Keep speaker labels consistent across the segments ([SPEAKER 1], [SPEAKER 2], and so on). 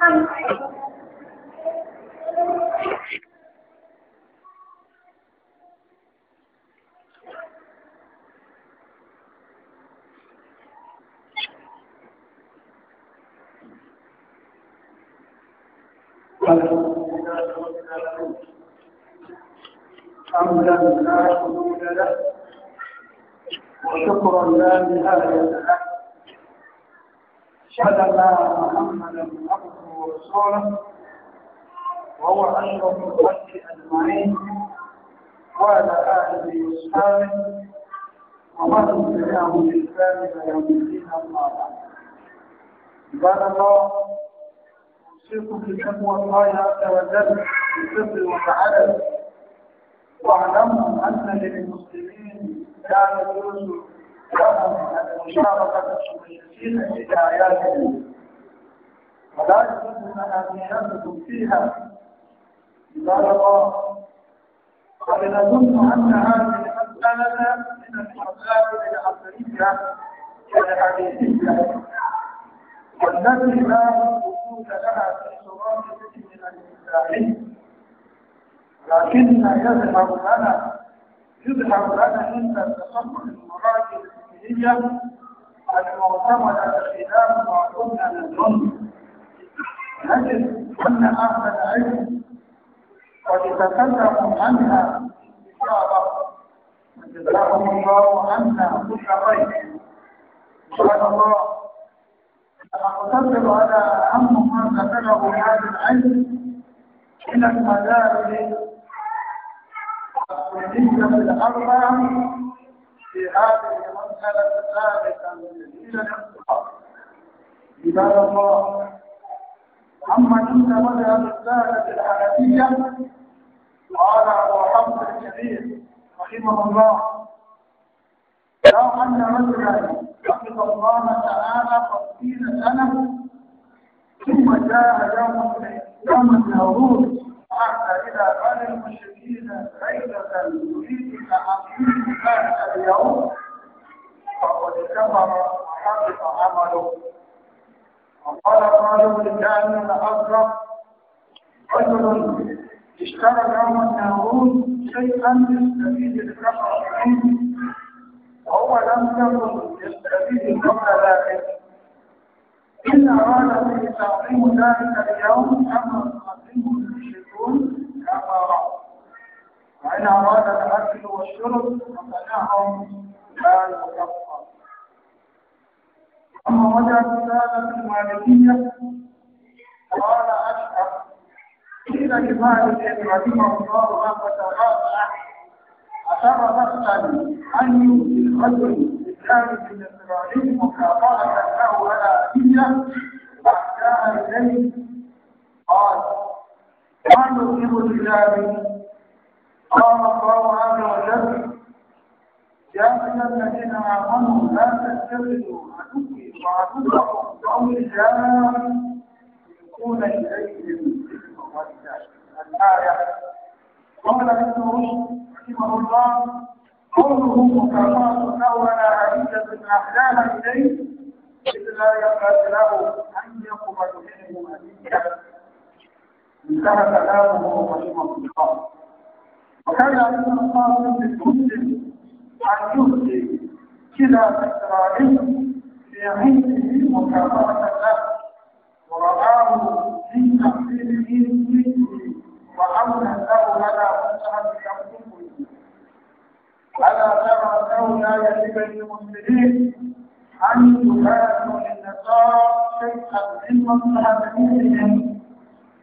[SPEAKER 1] حمدا لا حدود له وشكرا لا نهايه له اشهد ان محمدا عبده ورسالة وهو أشرف الخلق أجمعين وعلى آله وصحبه ومن تبعهم بالكامل إلى يوم الدين أما بعد الله أوصيكم بتقوى الله عز وجل بالسر والعدل واعلموا أن للمسلمين كان يوسف لهم المشاركة المشركين في آيات الله ولا يتم أمانتكم فيها عباد الله ولنظن أن هذه المسألة من المسائل العصرية الحديثية والتي لا وجود لها في شرائع من الإسلام لكن يظهر لنا يظهر لنا عند التصفح المراجع الدينية المعتمدة خلاف ما كنا نظن نجد أن أهل العلم قد تكلموا عنها بالإصابة جزاهم الله عنها كل خير سبحان الله أقتصر على أهم ما ذكره هذا العلم من المدارس السنية الأربع في هذه المسألة الثالثة من جديد الاقتصاد عباد الله أما عند مذهب السادة الحنفية قال أبو حمد الكبير رحمه الله لو أن رجلا حفظ الله تعالى خمسين سنة ثم جاء يوم يوم النهروز أحد إلى أهل المشركين ليلة يريد تعظيم ذلك اليوم فقد كفر وحبط عمله وقال قالوا لكان الأقرب رجل اشترى يوم الناغوت شيئا يستفيد الكفر منه وهو لم يكن يستفيد قبل ذلك إن أراد به تعظيم ذلك اليوم أما تعظيمه المشركون كفر وإن أراد الأكل والشرب فمنعهم لا يكفر أما وجه السادة المالكية قال أشعر قيل لمالك رحمه الله فتغافل أشر نفسا أن يؤتي الرجل بالكامل من إسرائيل مكافأة له ولا هدية أحكام إليه قال ما يطيب الكلام قال الله عز وجل يا أيها الذين آمنوا لا تتخذوا عدوي معروفة قولها يكون إليهم مودة الآية قال ابن رشد رحمه الله قوله مكافأة أولى عديدة أحلام إليه إذ لا له أن يقبل منه عديدة انتهى كلامه رحمه الله وكان ابن القاسم بن أن يهدي كلا ذكرائه بعينه مكافأة له ورآه من له على مسعد يملكه ألا ترى أنه لا يجب للمسلمين أن يكافئوا للنصارى شيئا من مصلحة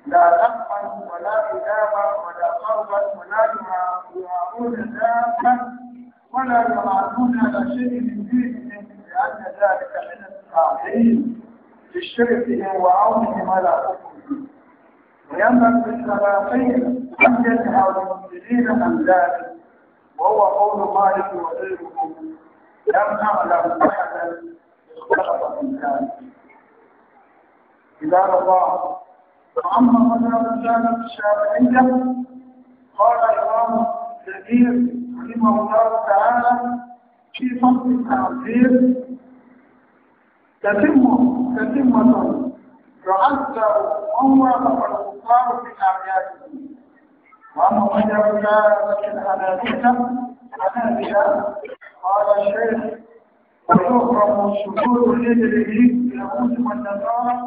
[SPEAKER 1] لا نقما ولا كتابا ولا قربا ولا يعارون ذاتا ولا يعانون على شيء من دينهم لأن ذلك من التعظيم لشركهم ما على حكمهم وينبغي للسلاطين أن ينهوا المسلمين من ذلك وهو قول مالك وغيره لم أعلم أحدا اختلط من ذلك عباد الله وأما مذهب الجانب الشافعية قال الإمام الكبير رحمه الله تعالى في فصل التعزير تتم تتمة تعذر وهو الكفار في أعيادهم وأما من يرجع في الحنابلة الحنابلة قال الشيخ ويحرم شهور الهجره اليهود والنصارى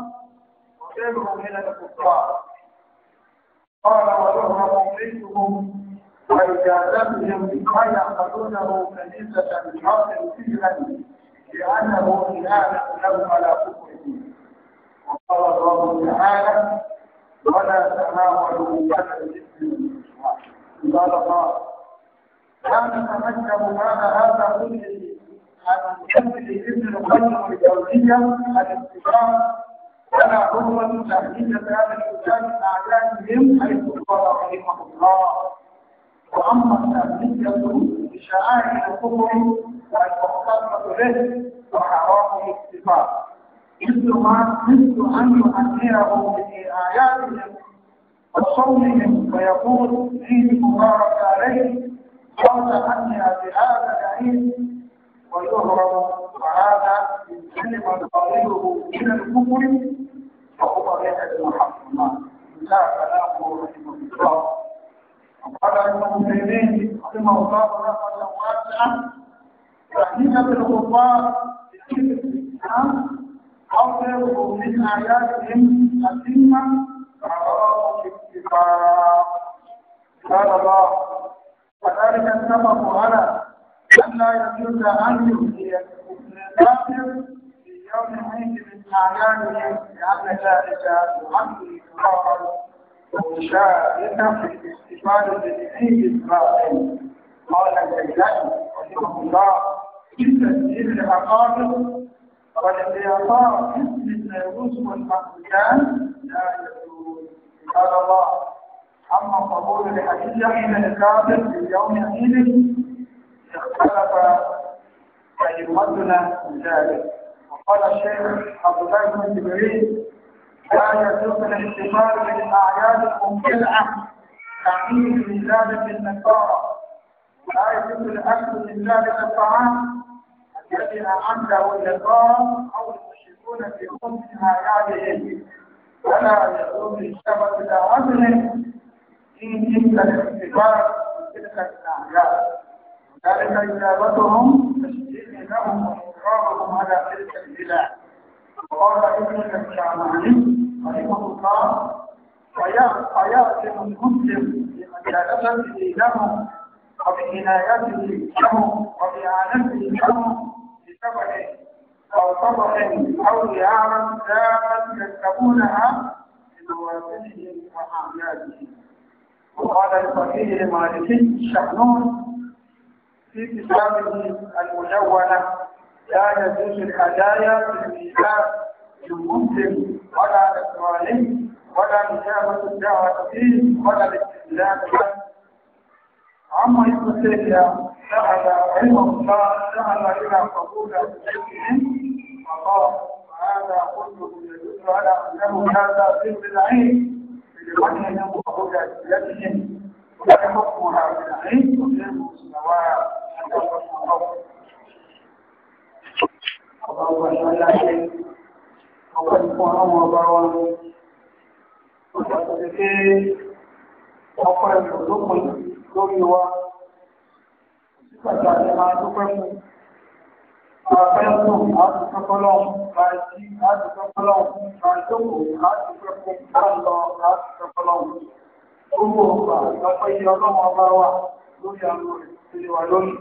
[SPEAKER 1] وغيرهم من الكفار قال ويحرم بيتهم وإجازتهم بما يعقدونه كنيسة الحق فيها لأنه إله لهم على كفره وقال الله تعالى ولا تناولوا ولا الإثم قال الله لا نتمكن بعد هذا كله أن يملك ابن القيم الجوزية الاتباع ولا عروة تهديد هذا الإنسان أعدائهم حيث قال رحمه الله وأما التأمية بشعائر الكفر والمختصة به وحرام الاتفاق مثل ما مثل أن يؤثره اياتهم وصومهم ويقول عيد مبارك عليه أو تهنئ بهذا العيد ويهرب وهذا كلمة قائله من الكفر فهو ريحة محمد لا كلامه رحمه الله على المؤمنين رحمه الله رحمه واسعه تهديد الكفار أو غيره من آياتهم الأتمة فأراه الاتفاق قال الله كذلك اتفقوا على أن لا يجوز أن يؤذي الكافر في يوم عيد من أعيانهم لأن ذلك يعد إكرارا ومشاركة في الاستفادة لدينه إسرائيل قال الجيلاني رحمه الله في تسجيل العقائد والاعطاء اسم الناموس والمقبولان لا يجوز قال الله أما قبول الهدية إلى الكافر في يوم عيد اختلف أئمتنا ذلك وقال الشيخ عبد الله بن جبريل لا يجوز الاحتفال بالاعياد الممتلئه تعيين بزياده النصارى ولا يجوز الاكل من ذلك الطعام الذي اعده النصارى او المشركون في خبز اعيادهم ولا يجوز الى دعوتهم في تلك الاحتفال تلك الاعياد ذلك اجابتهم تشجيع لهم واقرارهم على تلك البلاد قال ابن الكعماني رحمه الله ويأتم المسلم بمجالسته له وبعنايته له وبإعانته له بسبب أو طبق أو لعامة دابة يكتبونها بنوازلهم وأعيادهم وقال الفقيه المالكي الشحنون في كتابه المجونة لا يجوز الهدايا في الميزان للمسلم ولا للصالح ولا مجابة الدعوة فيه ولا الاستدلال عنه عما ابن سيدنا سأل علم الله سأل إلى قبول أسئلتهم فقال هذا كله يدل على أنه هذا في العين لوجه قبول أسئلتهم ولا حكمها بالعين وغير مستواها عند الرسول ọba ọba ṣáláṣẹ ọba ìfọ àwọn ọba wa ọba tẹ̀lé pé ọkọ ẹ̀rọ ló pin lórí wa nígbàtà ni máa dúpẹ́ fún Àfẹ́ tó láti pẹ́pẹ́ lọ́wọ́ láì sí láti pẹ́pẹ́ lọ́wọ́ láì tókò láti pẹ́pẹ́ láì lọ láti pẹ́pẹ́ lọ́wọ́. Gbogbo ọgbà lọ́pẹ́ yí ọlọ́wọ́ bá wà lórí àwọn ìṣẹ̀lẹ̀ wà lónìí.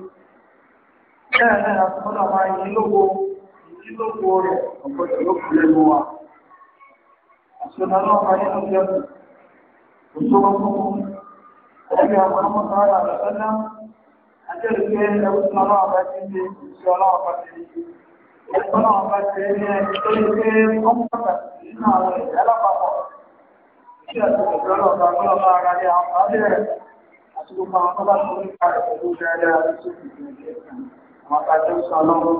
[SPEAKER 1] Bẹ́ẹ̀ náà, àtúgbọ́dọ̀ máa yí lógo tí ló wọ rẹ̀ ọ̀gbọ́dọ̀ ló kú lẹ́nu wa. Àṣọ̀nà náà máa nínú jẹ́kù. Kò tó wọn fún un. Ẹ̀rí àwọn ọmọ kan rà lọ́sọ́nà. Àjẹ́rì pé ẹ̀rú tí ọlọ́wọ́ bá ti ṣe ìṣẹ́ ọlọ́wọ́ bá ti ṣe. Ẹ̀kọ́ náà bá ti ṣe ní ẹni tó lè gbé ọmọ pàtàkì nínú àwọn ìṣẹ́ alápapọ̀. Iṣẹ́ àti ìgbẹ́lọ̀ ọ̀gá ọlọ́wọ́ ara rẹ̀ àwọn àbẹ̀ rẹ̀ àti gbogbo àwọn tó bá tó nípa rẹ̀ pẹ̀lú dáadáa tó ti ṣe ìgbìyànjú àwọn àtàjọ́ sọ ọlọ́run.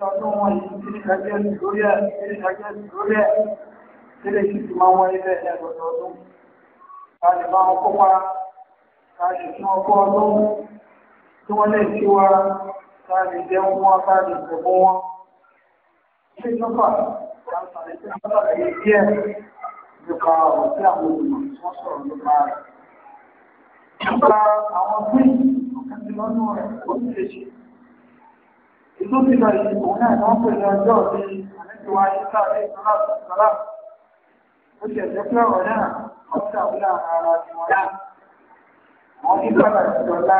[SPEAKER 1] lọ́dún tí ìdájẹ́ lórí ẹ̀ tí ìdájẹ́ lórí ẹ̀ tí lè sì ti máa wáyé bẹ́ẹ̀ ẹ̀ lọ́dọọdún. a wọn kópa a lè tún ọkọ ọdún tí wọ́n lè ṣí wa a lè jẹun wọn a lè wọn. ṣé ìjọba àǹfààní tí wọ́n sàlàyé díẹ̀ nípa ọ̀rọ̀ tí àwọn olùmọ̀ tí wọ́n sọ̀rọ̀ nípa rẹ̀. nípa àwọn bí ọ̀kan ti lọ́nà rẹ̀ ó ti lè ṣe ìlú ti lọ yìí òun náà wọ́n pè ní ọjọ́ ní àlẹ́síwá ìta ilé ìtura ìtura ó ṣe ẹ̀jẹ̀ pé ọ̀rọ̀ náà wọ́n ti àwùlà ara ti wọ́n yá wọ́n ní bàbá ìjọlá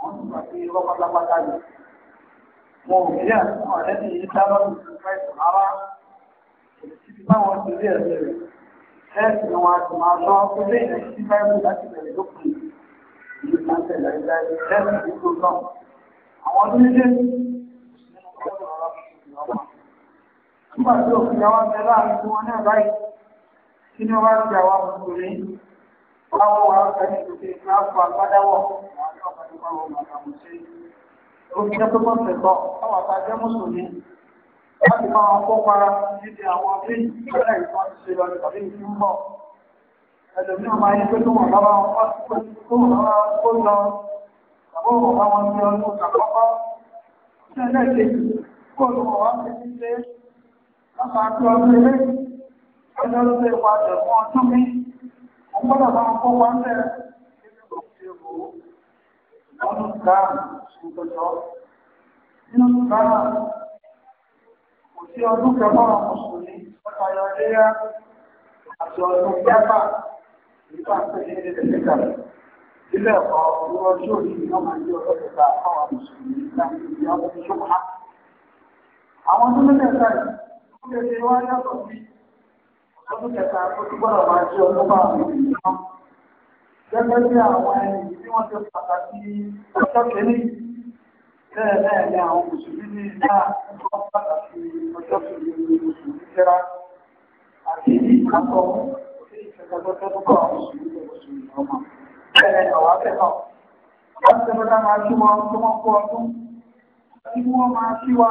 [SPEAKER 1] wọ́n ti gbà pé ọkọ̀ lápáta yìí wọn ò ní àwọn ọ̀rẹ́ ní ìta lọ́dún ìtura ìtura wa títí báwọn ti rí ẹ̀rẹ́ rẹ̀ ẹ̀sì ni wọn ti máa lọ pé nígbà tí òfin àwọn ọmọ ẹlá àti wọn náà báyìí kí ni wọn ti àwọn mùsùlùmí báwọn wà á fẹ́ nítorí ìgbà fún agbádáwọ̀ àwọn ọmọ ẹgbẹ́ wọn máa mú sí òfin tó bọ́ tẹ̀kọ́ àwọn àtàjẹ́ mùsùlùmí láti bá wọn kópa níbi àwọn ọdún ìgbàlá ìfọ́n ti ṣe lọ tàbí ìfún bọ̀ ẹlòmíràn máa yẹ pé tó wọn bá wọn kọ́ tó wọn bá wọn kó lọ tàbí wọn bá wọn ní ọdún kàkọ́kọ́ sí ẹlẹ́ẹ̀kejì kó ló wọ́n wá sí ilé lọ́sàn án tó ọdún ilé ọjọ́ ló lè wá jẹ̀ fún ọdún mi wọ́n gbọ́dọ̀ máa kó wá ń bẹ̀rẹ̀ nínú òkè òwò ọdún gáà ṣùgbọ́dọ̀ nínú gáà kò sí ọdún kẹfọ́ àwọn mùsùlùmí ọ̀tà ayọ̀dẹ́yà àti ọdún kẹfà nípa àwọn tó mẹ́tẹ̀ẹ̀ta yìí ó lè ṣe wá yàtọ̀ sí ọdún kẹta tó ti gbọ́dọ̀ máa ṣe ọdún bá àwọn ènìyàn náà gẹ́gẹ́ bí àwọn ẹni tí wọ́n ti pàtàkì ọjọ́ kẹ́lí bẹ́ẹ̀ náà ni àwọn mùsùlùmí ní náà wọ́n pàtàkì ọjọ́ kẹ́lí mùsùlùmí jẹ́ra àti ìkàtọ̀ ìṣẹ̀dọ̀tọ̀ tó bá àwọn mùsùlùmí mùsùlùmí ọmọ ni àwọn akẹ́kọ̀ọ́ wọ́n ti tẹ́lẹ̀ máa kí wọn tó wọ́n kó ọdún tí wọ́n máa kí wa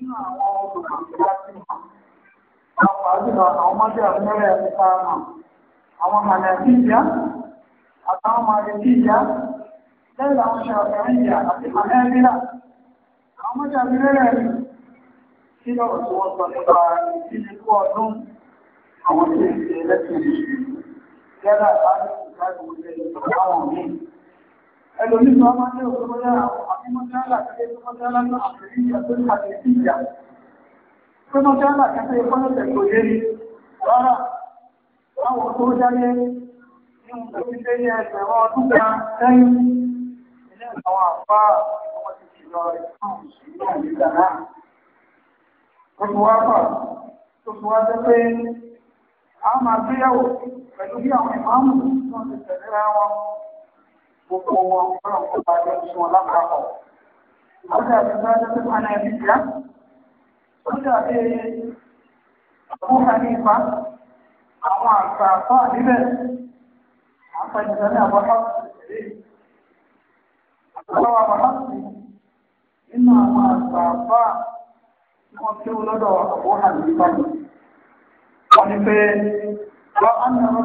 [SPEAKER 1] nínú àwọn olùkọ́ ìjọba sí mọ̀. Àwọn àjùlọ àwọn ọmọdé àmúlẹ̀ ẹ̀ka mọ̀. Àwọn mọ̀lẹ́bí ìyá àtàwọn mọ̀lẹ́bí ìyá lẹ́yìn àwọn ṣàfihàn ìyá àti mọ̀lẹ́bíra. Àwọn ọmọdé àmúlẹ̀ kí lọ́rọ̀ tí wọ́n sọ nípa ìdílé kú ọdún àwọn tí ìṣẹ̀lẹ̀ ti rí. Gẹ́gẹ́ àbájá ìgbàlódé ìjọba àwọn míì ẹlòmí sọ máa ń ní òṣèlú yára àbí mọ́tẹ́lá kẹ́kẹ́ tó mọ́tẹ́lá náà àbẹ̀rí ìyá tó ń pàdé tẹ̀kọ̀ yé ni rárá àwọn tó jáde ní oṣù tó yẹ ẹgbẹ̀rún ọdún àwọn ìgbà náà. Oṣù wa fà tó wá jẹ́ pé a máa gbéyàwó pẹ̀lú bí àwọn ìmáàmù tó ń tẹ̀lé ra wọn gbogbo wọn ọlọ́run kó bá yọ sí wọn lápapọ̀. Àwọn àti bá yọ sí wọn ẹbí ìyá. Ó dàbí àbúrò ní ipa. Àwọn àgbà àpá níbẹ̀. Àpẹjọ ní àwọn ọ̀sẹ̀ rẹ̀. Àpẹjọ àwọn ọ̀sẹ̀ nínú àwọn àgbà àpá tí wọ́n tí ó lọ́dọ̀ àbúrò ní Wọ́n ní pé wọ́n á nà ọ́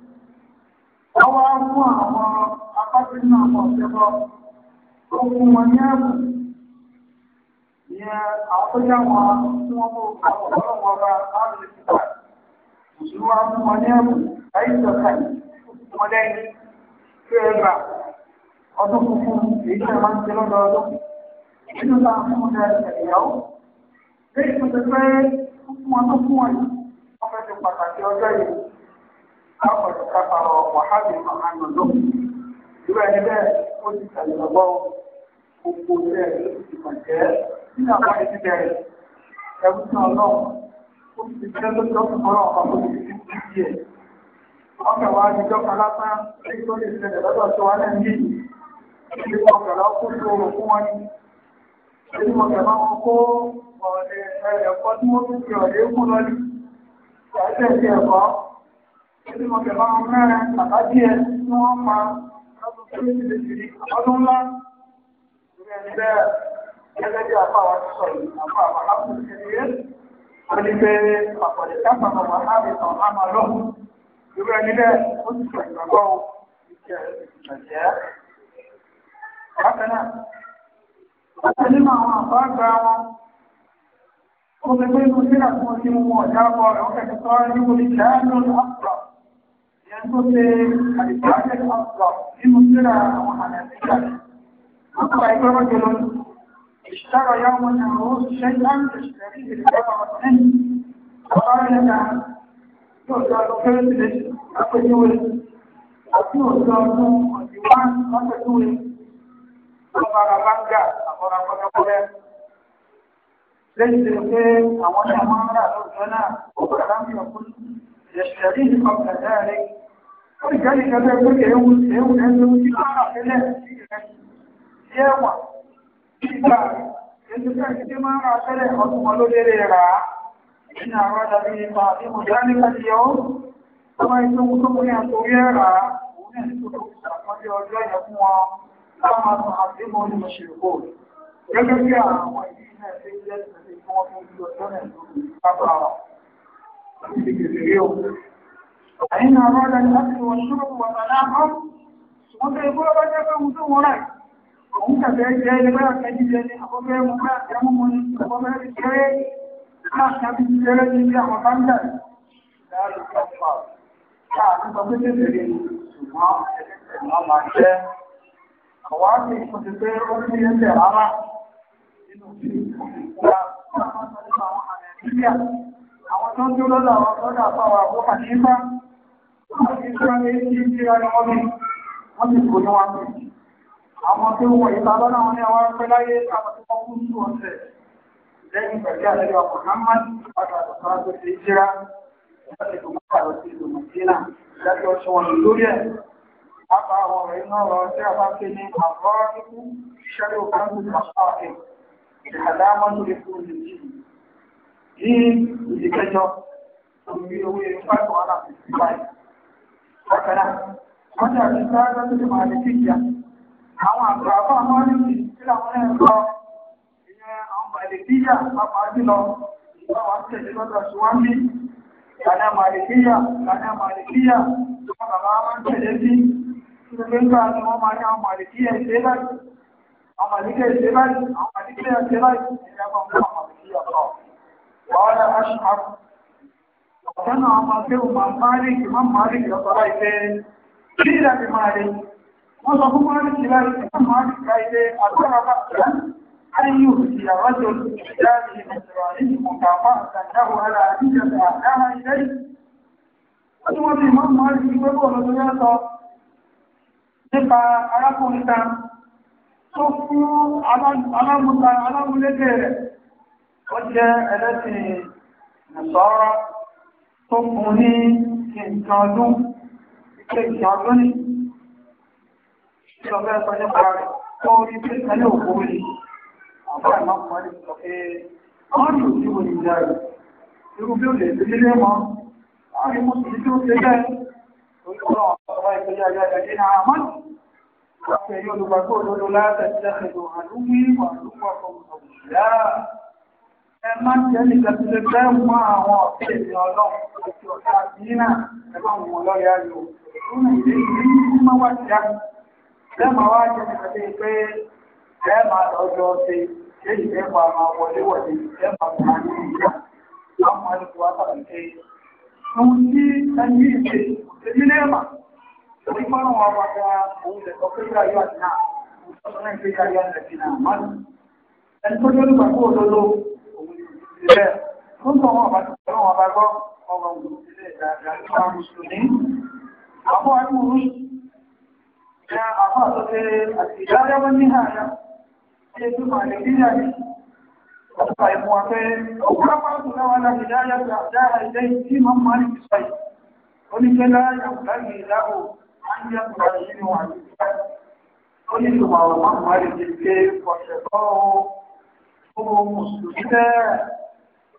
[SPEAKER 1] Ọwọ́ fún àwọn akọ́sínú àwọn ọ̀ṣẹ́bọ́ tó fún wọn ní ẹ̀bùn. Ìyẹn àwọn tó jẹ́ wọn tí wọ́n mú àwọn ọlọ́wọ́ ọba láti lè fi bá. Ìṣúlú wa fún wọn ní ẹ̀bùn láyé ìjọba wọn lẹ́yìn ọdún funfun èyí tí a máa ń ṣe lọ́dọọdún. Nínú fún wọn ní ẹ̀yàwó. فقد كفر وحبط عن الظلم ìwé ẹni bẹ́ẹ̀ ó ti ṣàlùbọ́ gbogbo rẹ̀ ti bàjẹ́ nínú àwọn ẹni bẹ̀rẹ̀ ẹ̀rú náà náà ó ti jẹ́ lójú ọkùnrin ọ̀rọ̀ ọ̀pá tó ti fi kú sí ẹ̀. wa ni dọ́kà lásán èyí tó lè ṣẹlẹ̀ lọ́dọ̀ tó wá lẹ́nu yìí ṣe ọkọ̀ lọ kó tó fún wọn ni. èyí mo kẹ̀ wọn kó ọ̀rẹ́ ẹ̀kọ́ tí wọ́n fi ọ̀rẹ́ kú lọ́lì. ẹ̀ẹ́dẹ̀ẹ̀dẹ̀ Ibi mo kẹ̀ bá wọn mẹ́rin bàbá díẹ̀ tí wọ́n pa lọ́dún tó ní ìdèjì ọdún ńlá. Ìgbẹ́ ni bẹ́ẹ̀ gẹ́gẹ́ bí apá wa ti sọ yìí, apá àwọn alákùnrin kékeré. Wọ́n ní pé àpọ̀lẹ̀ sábà bàbá láàrin tàn á máa lọ. Ìgbẹ́ ni bẹ́ẹ̀ ó ti sọ ìgbàgbọ́ o, ìjẹ́ ìjẹ́. Bákan náà, láti nínú àwọn àbá àgbà wọn, ó ti pé inú sílà tí wọ́n ti mú ọ̀dà bọ̀ rẹ̀ ó fẹ́ Ẹnúṣe àdìgbàjẹ́ ọ̀pọ̀ nínú síra àwọn àlẹ́síkà. Wọ́n kọ̀ ẹgbẹ́ wọ́n jẹ́ lọ́nà. Ìṣẹ́rọ̀ yá wọn ni àwọn òṣìṣẹ́ láti ṣẹ̀rí ìrìnlẹ́wọ̀n ọ̀sẹ̀. Ọ̀pọ̀ rẹ̀ náà yóò sọ ọdún kérésìlẹ̀ àpèjúwe. Àti òṣìṣẹ́ ọdún ọ̀dìwá lọ́pẹ̀júwe. Ọba Rabanga àbọ̀rọ̀ àpọ̀jọ́pọ̀lẹ́. Lẹ́yìn tí ó pé àwọn ọmọ náà lọ́jọ́ náà, ó bàrá ń sọ fún يشتريه قبل ذلك ولذلك يقول يهون يهون أنه يقع ثلاث يهون إذا يجب كما رأسله وطملوا لريرا إن أراد به تعظيم ذلك اليوم كما يكون كمنا صغيرا Láwọn àti mọ́ ní Mọ̀ṣẹ̀kó. Gẹ́gẹ́ bí àwọn ìdí náà ṣe jẹ́ ìgbẹ̀lẹ̀ tí wọ́n fún ìlú ọjọ́ náà lórí pápá wọn. فإن أراد الأكل والشرب وتناقض wọ́n tẹ́ àwọn tó ń dúró lọ́dọ̀ àwọn sọ́dọ̀ àpáwà àbó àṣífá wọ́n ti tí wọ́n ní tí ń tí wọ́n ní wọ́n ti kò ní wọn pè àwọn tó wọ̀ ìta lọ́nà wọn ní àwọn pẹ́ láyé àwọn tó kún sí ọ̀sẹ̀ lẹ́yìn pẹ̀lú àlejò àpò hamad padà lọ́sọ́rọ́ tó ti jíra wọ́n ti dùn mọ́ta lọ sí ìlú mọ̀tínà láti ọ̀ṣọ́ wọn lórí ẹ̀ Apá àwọn ọ̀rọ̀ iná lọ sí àbáṣe ní àbọ̀ ikú ṣẹ́lẹ̀ òkú àti àṣọ àti ìdàdámọ́ lórí fún ìlú yìí. ní ìdíkẹjọ orí owó ìpàtó aláàbíwáyé ọ̀kadà wọ́n ní àti àwọn àgbà àbá wọn ní ìdílé àwọn ẹ̀rọ ìyẹn àwọn màlẹ́bíyà pàápàá jùlọ ìgbà wọn tẹ̀lé lọ́dọ̀ síwájú tó bàbá tẹ̀lé sí wọ́n máa ní àwọn قال أشعر وكان عمالته مع مالك إمام مالك لطرائفين قيل بمالك وصف مالك ذلك إمام مالك قائد أدرى بأسا أن يهدي رجل بكتابه نصراني مكافأة له على أدية أهلها إليه ثم الإمام مالك يقول رجلاته nípa arákùnrin ta tó fún alámúlẹ́gbẹ̀ẹ́ rẹ̀ ó jẹ́ ẹlẹ́sìn ìsọ́rọ́ tó fún ní nǹkan ọdún ṣe nǹkan ọdún ní ìjọba ẹ̀sọ́ nípa rẹ̀ tó rí pé ẹlẹ́ òkú rí àwọn ìmọ̀kànlẹ̀ sọ pé wọ́n rí òsì wò ní ìjà rẹ̀ irú bí ó lè fi lílé mọ́ wọ́n rí mú sí tí ó ṣe jẹ́ olùkọ́ ọ̀pọ̀ ìpínlẹ̀ ayé ẹ̀dẹ́ náà mọ́ Àwọn èèyàn olùgbàgbọ́ olólo látẹ̀ tẹ́lẹ̀ lò àdúgbò àdúgbò ọkọ̀ òṣìṣẹ́ ẹ má jẹ́ nìkan tí lè fẹ́ mọ àwọn ọ̀tí èdè ọlọ́run àti ọ̀tá àdínà ẹ má mọ lọ́ọ̀yà yò ó ní ìdí ìdí tí má wá sí àná ẹ má wá jẹ́ nìkan tí pé ẹ má lọ́jọ́ ṣe èyí ẹ má máa wọlé wọlé ẹ má máa ní ìyá àwọn àlejò wa tàbí pé ohun tí ẹni ìṣe èmi náà mà lórí fọ́nrán wa wà dáa òun lè sọ pé káyọ̀ àdínà òun sọ pé káyọ̀ àdínà má ẹni tó lórí pàtó òdodo síbẹ̀ fún tọ́wọ́ bá ti tọ́wọ́ wọn bá gbọ́ ọmọ ìlú ìdájá nípa mùsùlùmí àwọn arúgbó ní àwọn àtọ́tẹ́ àti ìdájọ́ ní àyà ṣe tó máa lè rí àyè ọ̀pọ̀ ìmọ̀ afẹ́ ọ̀pọ̀ apáàtù náà láti dáyà dáyà ilé tí máa máa ní ìsọ yìí ó ní pé láyà láyè ìdáhùn á ń yẹ kùrà yìí ni wà ní ìsọ ó ní ìwà ọ̀pọ̀ máa máa lè jẹ́ pé ọ̀sẹ̀ tó ó mùsùlùmí bẹ́ẹ̀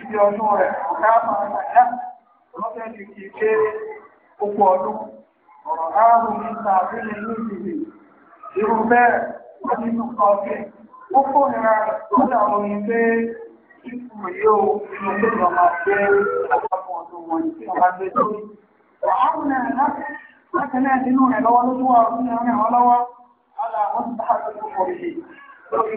[SPEAKER 1] ibi ọdún rẹ̀ ọ̀gá máa ṣàyà lọ́fẹ́ ti kì í pé ọdún ọ̀rọ̀ márùn ní sàbílẹ̀ ní ìdìbò irú bẹ́ẹ̀ wọ́n nínú ó kórìíra lọ́dà orin pé inú tó lọ máa gbé àpapọ̀ ọdún wọn tí wọ́n bá gbé tó. láti lọ́wọ́ lójú wa ọdún rẹ̀ wọ́n lọ́wọ́ wọ́n ti bá tó yìí lórí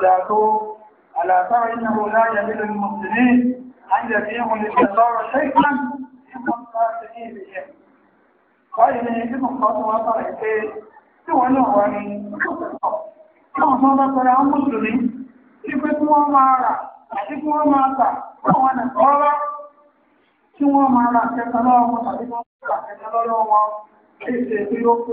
[SPEAKER 1] pé ألا ترى إنه لا يمل المسلمين أن يبيعوا للجزار شيئا يكون فاسقين بهم وإن يجب خطوة طريقين سوى نوعين Àwọn ọmọ bá pẹ̀lú àwọn Mùsùlùmí, tí pé kí wọ́n máa rà àti kí wọ́n máa tà àwọn ọ̀nà ọ̀rọ̀ tí wọ́n máa rà kẹta lọ́wọ́ tàbí wọ́n kẹta lọ́wọ́ wọn, èsè tí ó kú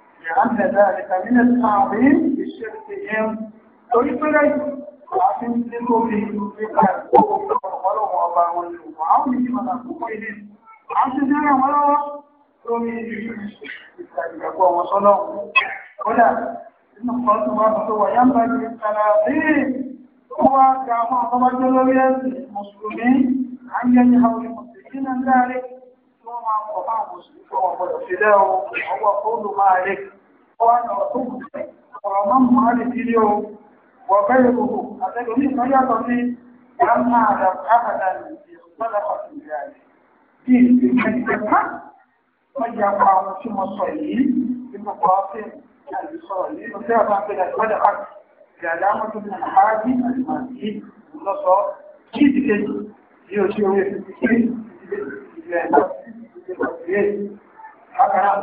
[SPEAKER 1] لأن ذلك من التعظيم بشركهم torí pé láì àti ní lórí nípa ìgbókò ọ̀pọ̀lọpọ̀ ọba wọn ni àwọn ìjìmọ̀ àkókò ilé àti ní àwọn lọ́wọ́ lórí ìgbàgbọ́ wọn sọ́nà kódà nínú kan tó wà tó wà yá ń bá yìí sára wọ́n máa ń kọ̀ fáwọn mùsùlùmí fún wọn gbọ́dọ̀ sílẹ̀ o ọwọ́ fóònù máa lè ọwọ́ ní ọ̀rọ̀ tó wù sí ọ̀rọ̀ máa ń mú àlè sílé o wọ́n fẹ́rẹ̀ gbogbo àtẹ́gbẹ̀mí kan yàtọ̀ sí yàmà àdàkàdà ìgbọ́dọ̀ ọ̀sìn ìrìnàjò bí ìgbìmọ̀ ìgbà wọ́n yà pa àwọn tí mo sọ yìí bí mo kọ́ sí àlùsọ̀rọ̀ yìí mo fẹ́ràn máa ń pè láti wọ́dà pàtó ìrìnàjò àwọn tó ní àbáájí àlùmọ̀ọ́sí lọ́sọ̀ọ́ kí ìdíkejì bí o ṣe ṣe àwọn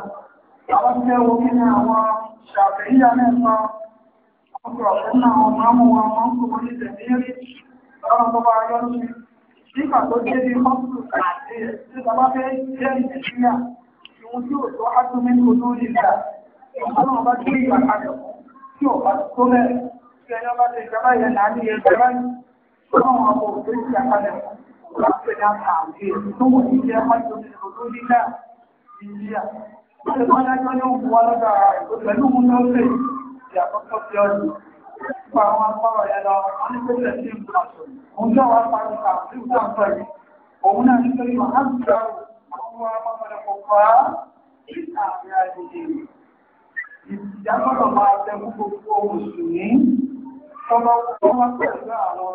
[SPEAKER 1] tí àwọn ṣàfihàn mẹ́fà, wọ́n àwọn máàmù wọn, wọ́n kò wọ́n ní tẹ̀mírí, lọ́rọ̀ tó bá yọ sí. Nígbà tó dé bí mọ́tò àti ẹ̀sìn tó bá fẹ́ jẹ́ Nàìjíríà, ìwọ̀n tí ò tó á tún mẹ́rin kò tó nígbà. Ọlọ́run bá gbé ìgbà kalẹ̀ tí ò bá tó bẹ́ẹ̀. Tí ẹni ọba ti ìjọba yẹn náà ní ẹgbẹ́ báyìí, ọlọ́run ọkọ̀ òfin ìjà kalẹ̀ fún láti dá àgbẹ̀ tó mú sí jẹ́ májò nínú tó ní náà Nàìjíríà. Wọ́n lè máa dájọ́ ní òkú wa lọ́dọ̀ ara rẹ̀ pẹ̀lú mú tó lè yàtọ̀ tó fi ọdún. Nípa àwọn apárọ̀ yẹn lọ, wọ́n ní pẹ̀lú ẹ̀sìn ìgbàsọ̀. Òun náà wá parí ta sí ìgbà ń sọ̀rọ̀. Òun náà ní pẹ̀lú àbúrò àwọn wa máa padà pọ̀ pa á sí àmì àìlè. Ìjàgbọ́dọ̀ máa tẹ gbogbo ohun sùn ní. Tọ́lọ́ wọ́n wá pẹ̀lú àwọn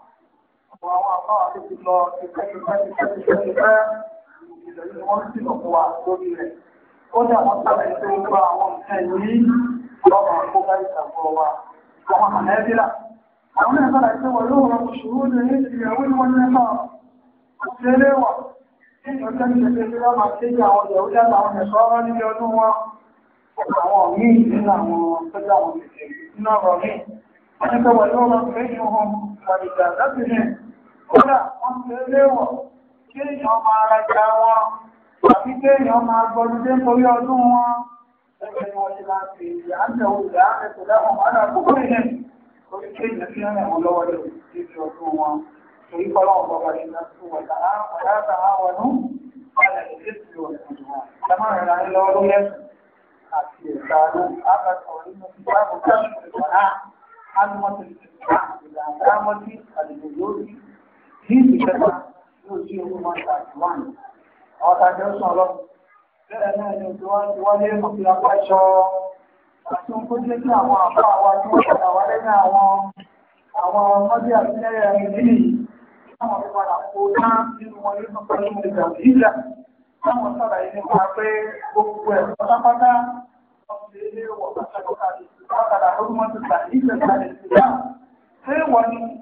[SPEAKER 1] ọ̀pọ̀ àwọn àbá wa ti lọ ti pẹ́ẹ́pẹ́ẹ́pẹ́ẹ́pẹ́ ìlẹ̀ ni wọ́n sì lọ fún wa lórí rẹ̀. ó ní àwọn sábẹ̀ tó ń gba àwọn nǹkan yìí lọ́wọ́ kó bá ìtàkùn wa àwọn àmẹ́bílà. àwọn náà sábà tí wọ́n yóò rọrùn ṣòro ní ìyàwó nínú àwọn ìyàwó àwọn ẹ̀ṣọ́ nínú àwọn tọ́jú wọ́n ní pẹ́ wọ́n yóò rọrùn fẹ́ kódà wọ́n ti léwọ̀ kéèyàn máa rajà wọn àbí kéèyàn máa gbọdúdé torí ọdún wọn ẹgbẹ́ ni wọ́n ti máa fi ìyáǹtẹ̀ òwúrẹ̀ àfẹ́kọ̀ọ́ dáhùn máa dà púpọ̀ nílẹ̀ torí kéèyàn fi hàn ẹ̀wọ̀n lọ́wọ́ lè níbi ọdún wọn torí kọ́lọ́ ọ̀pọ̀ bá ṣe náà tó wọ̀tà àwọ̀dá àwọ̀nú ọ̀lẹ̀ ìdíjì ọ̀rẹ́ ìdùnnú. ẹ má rẹ̀ láyé lọ́wọ́ lórí ẹ̀sùn àti ẹ̀ka ló ábàtọ̀ nínú ìgbà àbúkà ìgbà náà á ní wọ́n ti díìsì kẹta yóò sí owó máa ta ìwáàní àwọn tàbí ọ̀sán ọlọ́run bẹ́ẹ̀ náà ni òjò wájú wáyé òfin apáṣọ àti ohun tó jẹ́ kí àwọn àbá wa tí wọ́n padà wá lẹ́yìn àwọn àwọn ọmọdé àtìlẹ́yìn ẹ̀mí nìyí táwọn fi padà kó ná nínú wọn yóò tún pẹ̀lú ìjà ìjà táwọn sàlàyé nípa pé gbogbo ẹ̀ pátápátá ọ̀sẹ̀ ilé wọ̀ pátákó kàdé pátákó kàdé ọdún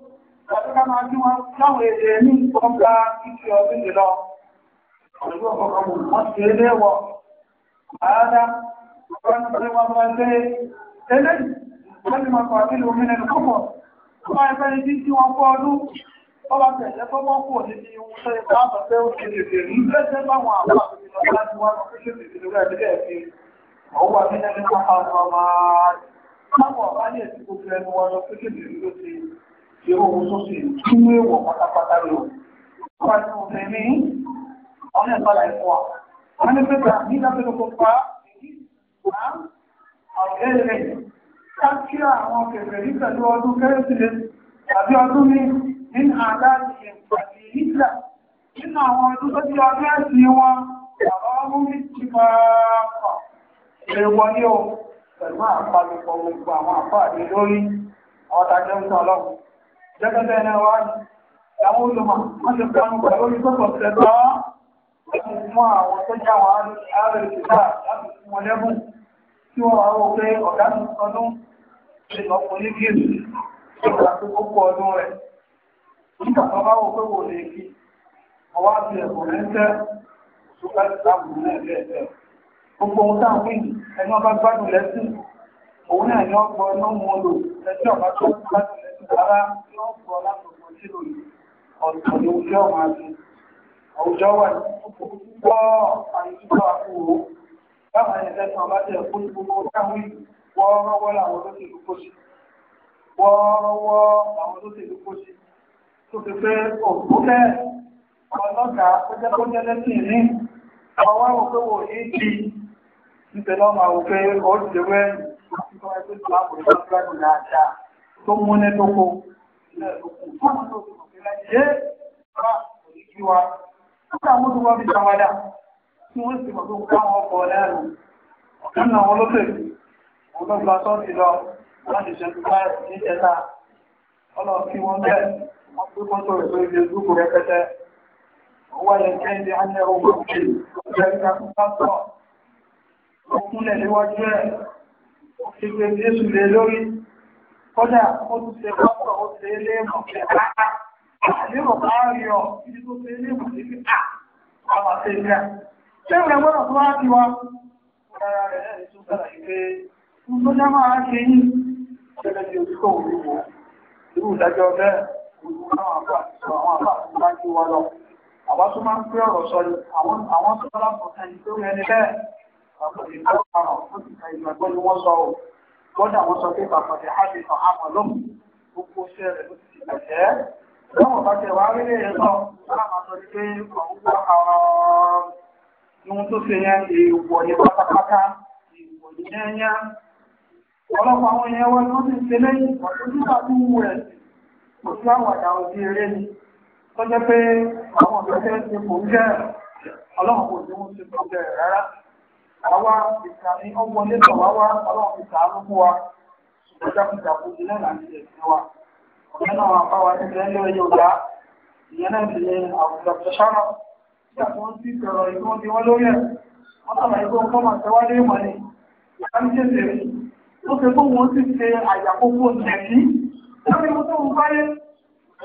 [SPEAKER 1] tàbí ká máa bí wọn láwọn èdè ní ọgbà títí ọdún yìí lọ. Òṣèlú ọ̀pọ̀lọpọ̀ wọ́n ti lé wọ. Àádá, wọ́n ti wọ́n máa lé eléyìí. Wọ́n ti máa kọ̀ àbílù omi nínú púpọ̀. Wọ́n máa fẹ́ ibi tí wọ́n kọ́ ọdún. Wọ́n bá tẹ̀lé tó mọ́ kù níbi ohun tó yẹ káàbọ̀ pé ó ti lè dèrú. Lẹ́sẹ̀ báwọn àwọn àbúrò lọ láti wọ́n lọ fún ṣètò ìdílé rẹ̀ nílẹ̀ fi. Ọwọ́ àmì nẹ́ni pápá ọmọ máa. Táwọn ọ̀bá ní èsì gbogbo ẹnu wọn lọ fún ṣètò ìdílé tí ó wọ́n tó sì túnú èèwọ̀ pátápátá lò. Wọ́n ti wọ́n fẹ́ mí, wọ́n ní ìpàdà ẹ̀kọ́ wa. Wọ́n ní pẹ́ta ní lábẹ́lú kó pa èyí ìgbà ọ̀gẹ́ rẹ̀. Káàkiri àwọn kẹfẹ́ ní pẹ̀lú ọdún kérésìlẹ̀ tàbí ọdún ní nínú àdáàdì àti ìlà. Nínú àwọn ọdún tó ti ọdún ẹ̀sìn wọn, àwọn ọmọ mi ti máa pọ̀. Èèwọ̀ ni ó pẹ̀lú àpalùpọ̀ gbogbo àwọn àpá àdé lórí ọ̀tàjẹ́ ń sọ ọlọ́run lẹ́gbẹ̀ẹ́ ẹ̀rẹ́ wa àwọn olùmọ̀ wọ́n ti pọnù pẹ̀lú orí tó pọ̀sẹ̀ lọ láti mú àwọn tó já wọn àárẹ̀ ìgbà láti fún wọn lẹ́bùn tí wọ́n wá wọ pé ọ̀gá mi ọwọ́ àti ẹ̀kọ́ lẹ́sẹ̀ ṣùgbọ́n ìgbà wò lẹ́sẹ̀ gbogbo ohun táwọn ẹni wọn gbádùn lẹ́sìn òun náà ni ọgbọ inú mú lò ẹjọ́ ọba tó ń bá tilẹ̀ ara ní ọgbọ alákòókò sí lòlù ọ̀tọ̀ ni ojú ọmọ àti àwùjọ wà ní púpọ̀ àyíkọ́ àkúrò báwọn ẹni tẹ́tàn bá tẹ̀ fún gbogbo káwí wọ́ọ́rọ́wọ́ làwọn olóṣèlú kó sí wọ́ọ́rọ́wọ́ làwọn olóṣèlú kó sí tó fi pé òkú bẹ́ẹ̀ ọlọ́gà kọjẹ́kọjẹ́ lẹ́sìn ní àwọn wá òkè ní ti ń tẹ̀lé ọmọ àwòkẹ́ ọ̀ọ́dùnjẹ́wẹ́rì tọ́wọ́ ẹgbẹ́ tó láàbò ní gbàgbọ́ dáadáa tó múná tó kó ilẹ̀ tó kù fáwọn tó kù nílẹ̀ yé bá òní kí wa nígbà àwọn tó wọ́n fi sáwádà tí wọ́n sì mọ̀ tó kó àwọn ọkọ̀ lẹ́rù ọ̀kan náà wọn ló tẹ̀lé wọn ló gba sọ́ọ̀tì lọ láti ṣe tó bá ní ìjẹta ọlọ́ọ̀ kí wọ́n bẹ́ẹ̀ wọ́n gbé mọ́tò rẹ̀ sórí ibi ojú rẹpẹtẹ ọwọ́ yẹn kẹ́ndé ánẹ́rọ̀ wọ́n kúnlẹ̀ níwájú ẹ̀ ìgbè jésù lé lórí kódà ó ti ṣe pọ́pọ̀ ó ṣe léèmọ̀ kẹta àdéhùn àwọn ṣe ní à. lẹ́yìn ẹgbẹ́ tó wá ti wá rárá rẹ̀ lẹ́yìn tó gbàdá yìí tó dá máa ṣe yín gẹ́gẹ́ àpòlì lọ́kàrọ̀ ó sì ka ìgbàgbọ́ ni wọ́n sọ ọ́ kódà wọ́n sọ pé pàpàdé hábì kan àmọ́ lọ́mù gbogbo iṣẹ́ rẹ̀ ló ti bàjẹ́ lọ́wọ́ bá tẹ wá rí lẹ́yìn lọ láwọn sọ ní pé ọ̀hún wá àwọn ohun tó ṣe yẹn èèwọ̀ ní pátápátá èèwọ̀ ní yẹ́nyá ọlọ́pàá àwọn èèyàn wọn ni wọ́n ti ń ṣe lẹ́yìn ọ̀tún nígbà tó wù ẹ̀ kò sí àwàdà òbí eré ni tó jẹ́ pé àwọn ọ̀dọ́ tẹ́ ń ṣe kò ń jẹ́ ọlọ́run kò ní wọ́n ṣe kò ń jẹ́ rárá àwa ìsàmì ọgbọ́n nípa wá wá ọlọ́run fi sàánú fún wa ṣùgbọ́n jákèjàkú ilé náà ti ẹ̀sìn wa ọ̀gá náà wà báwa ní ilé ẹlẹ́wẹ̀ yóò dá ìyẹn náà ti ní àwùjọ ṣọ́nà tí àwọn ti sọ̀rọ̀ ìlú wọn ni wọ́n lórí ẹ̀ wọ́n sọ̀rọ̀ ìlú wọn kọ́mọ̀ tẹ́wálé ìmọ̀ ni ìyá ń tètè rí ó ṣe tó wọ́n ti ṣe àyàkókò nẹ̀kí lórí ohun tó ń báyé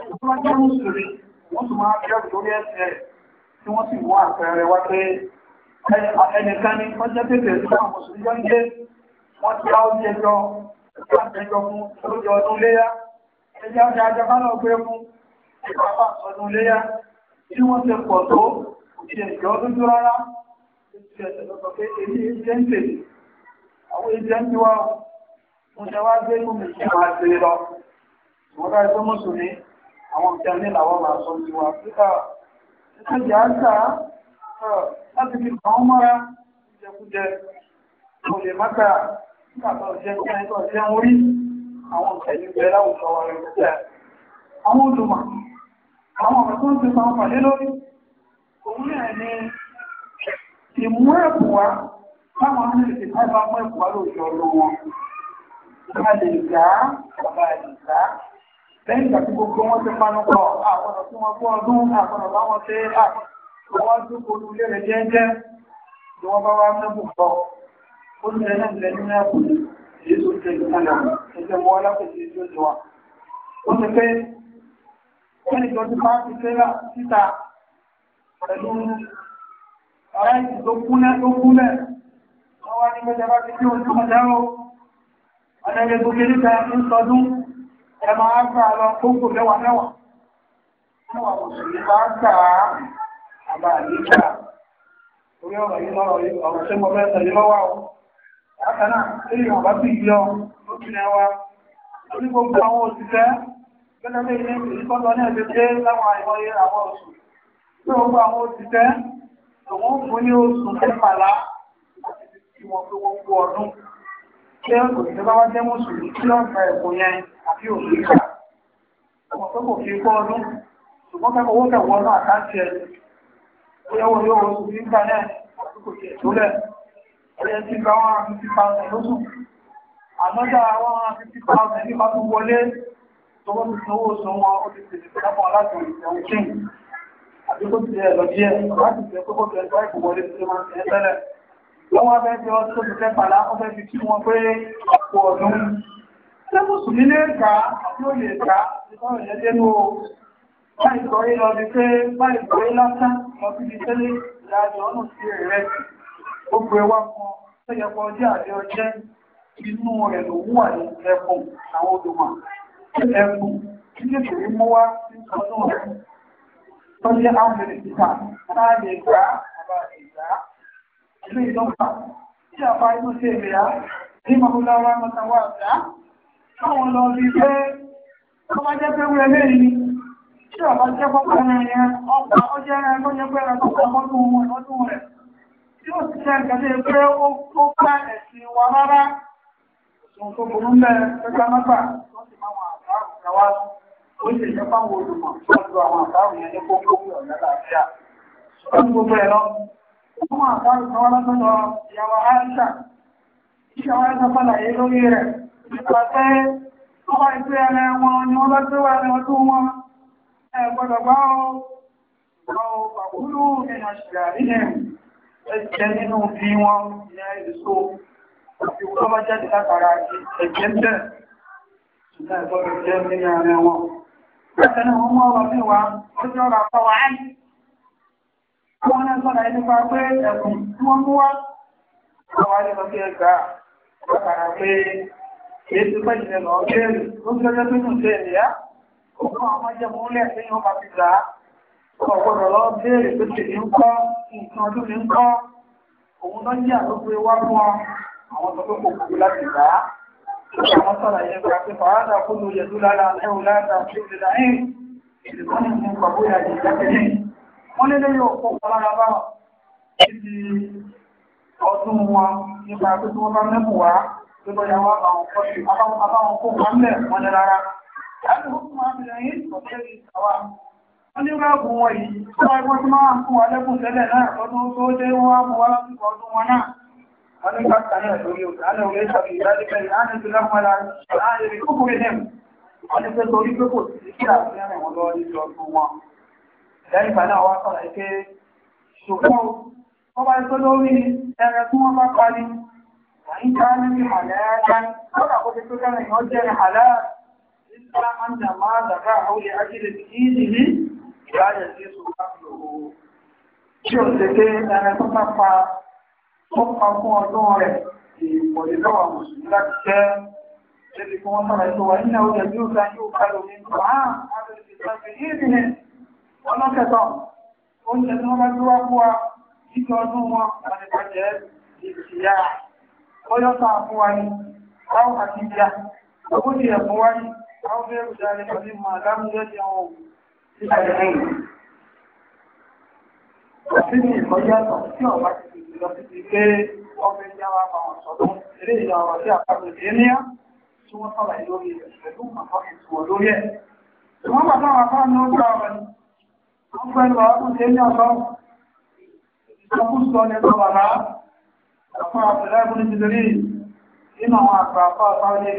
[SPEAKER 1] ìjọba jẹ́ mùsùlùmí wọ́n sì máa bẹ̀rù lórí ẹ̀sẹ̀ tí wọ́n sì mú àpẹẹrẹ wá pé ẹnìkan ni wọ́n jẹ́ pépè láwọn mùsùlùmí jọ ń gbé wọ́n ti á oúnjẹ jọ ìpàtẹ́jọ fún lójú ọdún léyá ẹjẹ́ ọjà ajabálọ̀ gbé fún ìpàpà ọdún léyá tí wọ́n ti pọ̀ tó ti ẹ̀jọ́ lójú rárá ti ẹ̀jẹ̀ lọ́sọ̀ pé èyí jẹ́ ń tèlè àwọn ìjẹ́ ń ti wá oúnjẹ wá gbé fún mi ìjẹ́ ní láti fi kàn án mọ́ra jẹkújẹ kò lè má gbà nígbà tó jẹ kí ẹni tó jẹ ń rí àwọn ìṣẹ̀lú bẹ láwùjọ wa rẹ̀ jẹ́ àwọn olùmọ̀ àwọn ọ̀rọ̀ tó ń ti máa pàdé lórí òun náà ni ìmú ẹ̀bùn wa láwọn ọmọ ìṣẹ̀lú bá bá mú ẹ̀bùn wa lóòjọ́ lẹ́yìn ìgbà tí gbogbo wọn ti panu pọ̀ tí wọ́n gbọ́ ọdún àwọn bá wọn ṣe àwọn wọ́n tún olú ilé rẹ̀ jẹ́jẹ́ ni wọ́n bá wá mẹ́bù pọ̀ ó ní ẹ̀nà ìlẹ̀ ní ẹ̀kù èyí tó jẹ ìtàlẹ̀ ẹgbẹ́ mọ́ alákòóso tí ó ti wà ó ti pé ẹni tó ti máa fi tẹ́lá síta pẹ̀lú ara ìsìn tó kúnlẹ̀ tó kúnlẹ̀ wọ́n wá ní gbẹ́jẹ́ bá ti fi ojú ọjà ó tó kéré ta ń sọdún ẹ àbá àdìgbà yìí lọ́rọ̀ yìí ọ̀rọ̀ tí yìí lọ́wọ́ o bákan náà tí ìwọ̀n bá sì yọ àwọn òṣìṣẹ́ gẹ́gẹ́ bí ilé ìkọ́tọ̀ ní ẹ̀sẹ̀ pé láwọn àìmọye àwọn àwọn òṣìṣẹ́ òun fún ní oṣù òṣìṣẹ́ bóyá yóò oṣù tí ń gbà náà kò tiẹ̀ tó lẹ̀ ti gba lóṣù ànọ́dà wọ́n ti ti tètè fún ọmọ tó wọlé tó máa tẹ̀ lè kà á ó lè kà á ìtọ́rọ̀ yẹn o báyìí sọ pé báyìí sọ mọ bí ti tẹ́lẹ̀ láàrin ọ̀nà sí rẹ̀ gbogbo ẹwà kan tó yẹ kọ ọjọ́ àti ọjẹ́ inú rẹ̀ ló wà ní ẹkùn àwọn olùmọ̀ ẹkùn tí kékeré mú wá sí ọdún rẹ̀ tó yẹ àwọn ènìyàn náà lè gbà àbá ìgbà ilé ìdọ́gba tí àbá inú sí èrè á ní mọ̀kúláwá mọ́tàwá àbá táwọn lọ rí pé ọmọ jẹ́ pé wúrẹ́ lẹ́yìn ọ̀rọ̀ jẹ́ pọ́pọ́ wọn àbáwò káwá ó sì ní ọdún wọn ẹ gbọ́dọ̀ gbọ́ ọ́ pàkúlù nínú ṣìgá nílẹ̀ ẹ̀jẹ̀ nínú bí wọ́n ní èso ìwọ́n tó bá jáde látara ẹ̀jẹ̀ bẹ́ẹ̀ ṣùgbọ́n ìgbọ́dọ̀ jẹ́ nínú ara wọn. Bẹ́ẹ̀ ni wọ́n mú ọ̀rọ̀ mi wá, ó jẹ́ ọ̀rọ̀ àpọ̀wá ẹ̀. Wọ́n náà sọ̀rọ̀ ẹni pa pé ẹ̀kùn tí wọ́n mú wá àwọn àjọ tí ẹ gbà pé èyí ti pẹ́ ìrìnà ọ̀gẹ́rù ló ń gbẹ́jọ́ tó ń tẹ̀ ẹ̀yà. Gbogbo àwọn jẹmọ ń lẹ̀ sí yóò bá ti gbà á. Ọ̀gbọ́dọ̀ lọ béèrè pé kì ní ń kọ́, nǹkan ọdún ní ń kọ́. Òun lọ yí àlógbé wá fún ọ. Àwọn sọ pé kò kú láti gbà á. Àwọn sọ̀rọ̀ yẹn gba pé fàádà kó lo yẹ̀dú lára ẹ̀wù láta sí ìlú láyé. Ìdìbọn ní ní pàbó ìyàjì ìjákẹ́lẹ́. Wọ́n lé lórí òkú ọlára bá wọn. Ibi ọdún wọn nípa pé tí wọ́n bá mẹ́mù wá, pé bọ́yá wọn àbáwọn kọ́ sí abáwọn kó pamẹ́ wọn ní rárá láti hùkùn àmìlẹ̀yìn ọ̀tẹ́lì àwa wọ́n ní bá bù wọ́n yìí tó wá gbọ́n tó máa ń fún wa lẹ́kùn tẹ́lẹ̀ náà lọ́dún tó dé wọ́n á mú wa lásìkò ọdún wọn náà wọ́n ní bá kan náà lórí òkè àná òwe sàbí ìdádìbẹ̀ ìhánì tó lápọ̀lá láàrin kúkúrẹ́ náà wọ́n ní pé torí pé kò sí sí àfihàn ẹ̀wọ̀n lọ ẹ̀ tó lórí ẹ̀rẹ̀ tí wọ́n bá parí إلا أن ما ذكره لأجل دينه لا يجوز أكله tí o ṣe pé ẹni tó bá pa ó pa fún ọdún rẹ̀ ìpò ìlọ́wà mùsùlùmí láti jẹ́ lébi kí wọ́n sọ̀rọ̀ ìlú wa nínú ọjà bí ó ga yóò ká lómi ń bọ̀ áà wọ́n ti sọ pé yìí ni ọlọ́kẹ̀tọ̀ oúnjẹ tí wọ́n bá gbé wá fún wa títí ọdún wọn wọ́n ìjìyà ó yọ wa ni báwo àti ìyá ó ti fún wa ni. أو غير ذلك مما لم يجعوا في العلم Àti ní ìkọjátọ̀ tí ọ̀pá ti ti lọ sí ti pé ọmọ ẹja wa máa sọ̀tún eré ìyá wa sí àpapọ̀ ìdíníà tí wọ́n sọ̀rọ̀ ìlórí rẹ̀ pẹ̀lú àwọn ìtùwọ̀ lórí ẹ̀. Wọ́n bà náà bá ní ó gbà ọ̀rẹ́ wọ́n pẹ́ lọ ọdún tí ní ọlọ́run. Ìsọkúsọ ni ọ̀rọ̀ wà láà. Àpá àbẹ̀rẹ̀ ẹ̀kún ti lórí nínú àwọn àgbà àpá àpá ní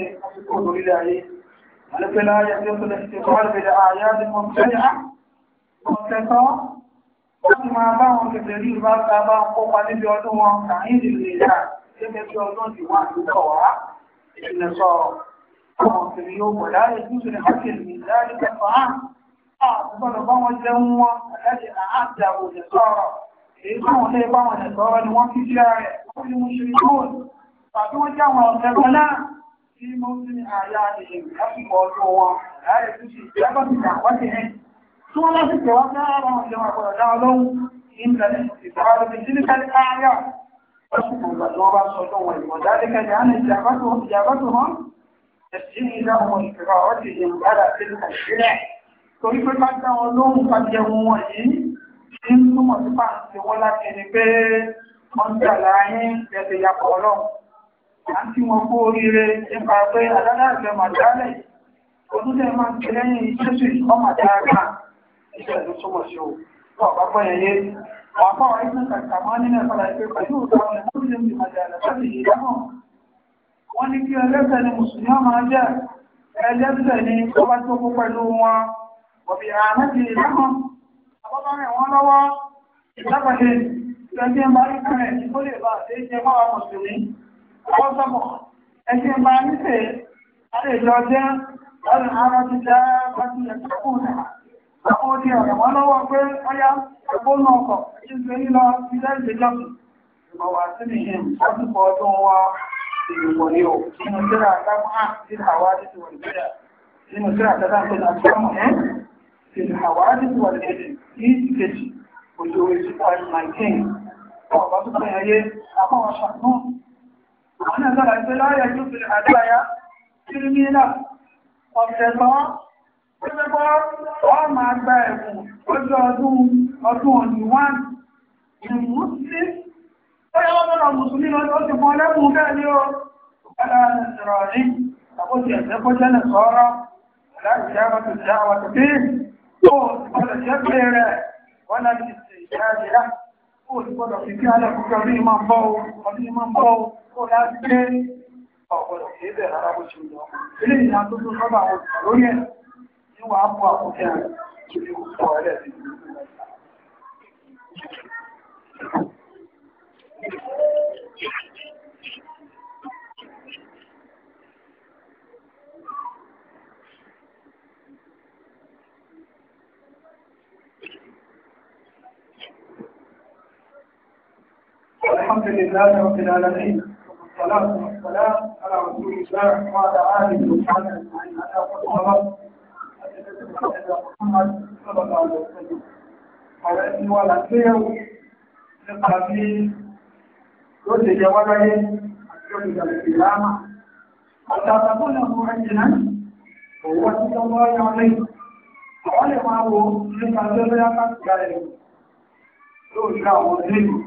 [SPEAKER 1] ọdún orílẹ̀ ayé. ولكن لا يجوز الاحتفال بالأعياد الممتنعة مطلقة وما بعض الدليل ما تابع قوة لبيعتهم كعيد الإله كما يقولون في واحد الدواء النصارى وهم في اليوم ولا يجوز لحكم من ذلك الطعام أعطبنا بعض الجوة الذي أعده النصارى إذا لي بعض النصارى وفي شارع وفي المشركون فأتوا جوة النصارى tí mo ti ní àyà ìyẹn lásìkò ọdún wọn láàrẹ tó ṣe ìjọba ti dà wá sí ẹni tí wọn lásìkò wá sí ara wọn ìjọba àpọ̀lọ̀ dá ọlọ́run ìmìlẹ̀ ìjọba lóbi sí nípa ní àyà lásìkò ìgbà tí wọn bá sọ ọdún wọn ìwọ̀n dáríkẹ́ ni a ní ìjàmbá tó ìjàmbá tó mọ́ ẹ̀sìn ní ìlà wọn ìfẹ́ wọn ti yẹn wọ́n ń jà láàyè ẹ̀sìn ìyàpọ̀ àti wọn kó oríire nípa pé adádáàfẹ́ màdálẹ̀ ọdúnlẹ̀ máa ń pè lẹ́yìn ìṣẹ́sù ìkọ́mà dáadáa iṣẹ́ ìlú súnmọ̀ sí o tó àpapọ̀ ẹ̀yẹ wà fún àwọn ìpín kàkàmọ́ nínú ẹ̀fọ́ láìpé pẹ̀lú òtàwọn ẹ̀kọ́ sílẹ̀ ní màdálẹ̀ láti yìí dáhùn wọ́n ní kí ẹlẹ́sẹ̀ ni mùsùlùmí ọmọ jẹ́ ẹlẹ́sẹ̀ ni tó bá tó kó pẹ̀lú wọn wọ̀bí àmẹ́tì ìdáhùn àbọ́bọ́rin wọn lọ́wọ́ ìdábàdé ìgbẹ́jẹ́ bá rí kẹrẹ̀ tó lè bá àti ìjẹ́ máa mùsùlùmí ọgbọ́gbọ́ ẹ̀sìn ma ní pé alẹ́ ìjọ jẹ́ ọ̀rọ̀ ara ti jẹ́ pàtí ẹ̀kọ́ àwọn ọya ni àwọn náà sábà ṣe láyé tó fi àdáyà kírímínà ọ̀sẹ̀ tán pípẹ́pọ́ wọ́n máa gba ẹ̀bùn ojú ọdún ọdún òní wán ìmú sí ó yẹ wọ́n lọ mùsùlùmí lọ ó ti fún ọlẹ́kùn bẹ́ẹ̀ ni ó ọ̀dà nàìjíríà rí àkóso ẹ̀sẹ̀ kó jẹ́ nà sọ́ọ́rọ́ láti ṣe àwọn tòṣìṣẹ́ àwọn tòṣìṣẹ́ tó ọ̀dà ṣẹ́pẹ́ rẹ̀ wọ́n láti ṣe ìṣẹ́ kó
[SPEAKER 2] Thank you.
[SPEAKER 1] الحمد لله رب العالمين والصلاة والسلام على رسول الله وعلى آله وصحبه أجمعين على كل خبر محمد صلى الله عليه الله قال إني ولا سير نقرأ في كل جواله كل الكلام حتى تكون معينا ووجد الله الله الله الله الله الله الله الله الله الله الله الله الله عليه وعلم أبو نقرأ في الله قال لو جاء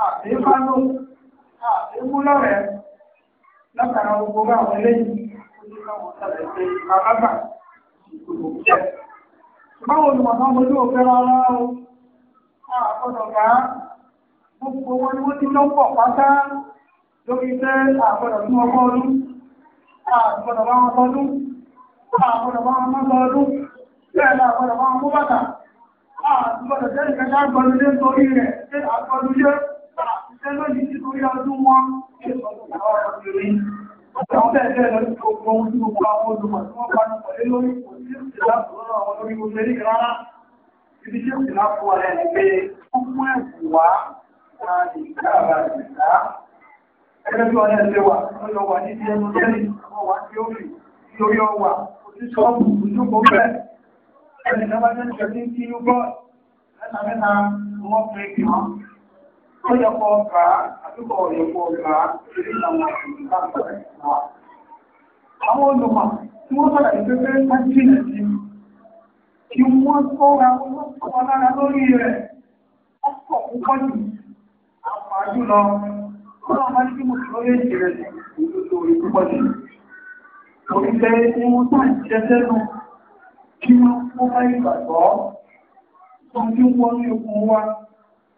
[SPEAKER 1] àbíkánú àbíkúlọ̀rẹ́ látara gbogbo àwọn eléyìí ó ní káwọn sábẹ̀ ṣe alágbà ìgbòho jẹ́. báwo ni màmá mo ní òfin lórí iṣẹ́ àkọ́dọ̀ tí ọdún àkọ́dọ̀ bá wọn tọdún àkọ́dọ̀ ọdún bẹ́ẹ̀ ni àkọ́dọ̀ bàtà àkọ́dọ̀ ìkẹta àgbọ̀lulé nítorí rẹ̀ ṣé àgbọ̀lulé ẹlọ́ yìí ti torí ọdún wọn ẹgbẹ́ tí ó yẹ kọ́ àdúgbò ọ̀yẹ̀ kọ́ ọ̀gá ìrí àwọn ìgbàgbọ́ wa. Àwọn olùmọ̀ tí wọ́n sọ̀rọ̀ ìgbẹ́gbẹ́ sájìnà sí kí wọ́n sọ́ra ọmọ lára lórí rẹ̀ ọ̀pọ̀ púpọ̀ jù àwọn àjùlọ ọlọ́run máa ń kí mo sọ yé jìrẹ̀ sí púpọ̀ jù. Torí pé ohun tá à ń sẹ́nu kí wọ́n kó bá ìgbàgbọ́ tó ń wọ́n ní okun wa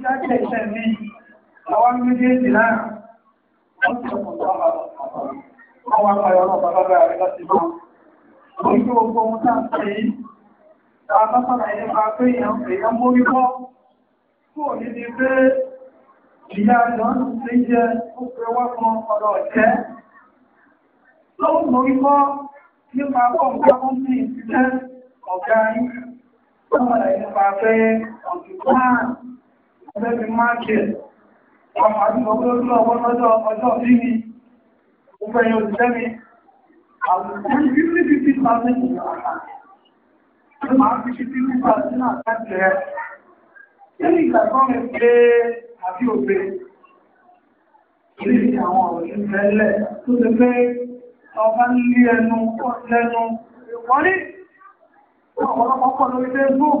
[SPEAKER 1] láti ẹ̀ṣẹ̀ mi àwọn méjèèjì náà wọ́n ti ọ̀pọ̀ àwọn àpàyọ̀ ọ̀rọ̀ bàbá rẹ̀ láti mọ́ ojú ogbó wọn tá ń pè é àbáfàlà ilé pa pé èèyàn èèyàn mórí bọ́ kò ní ní pé ìyá ìdán lè jẹ ó pé wá fún ọ̀rọ̀ ọ̀jẹ́ lóhùn mórí bọ́ nípa pọ̀ nǹkan ó ní ìsinmi ọ̀gá yìí àbáfàlà ilé pa pé ọ̀dùnkún ẹgbẹ́ ti máa kí ẹ̀ ọmọ lọ́jọ́ ọjọ́ bí mi ó yóò jẹ́ mi àwọn ìbílí fífi pàṣẹ ìgbà máa fi fífi pàṣẹ rẹ̀ pé àbí òbí ilé àwọn ọ̀rẹ́ tó ti pé ọba ń ẹnu lẹ́nu ìwọ́n ní ọ̀pọ̀lọpọ̀ lórí Facebook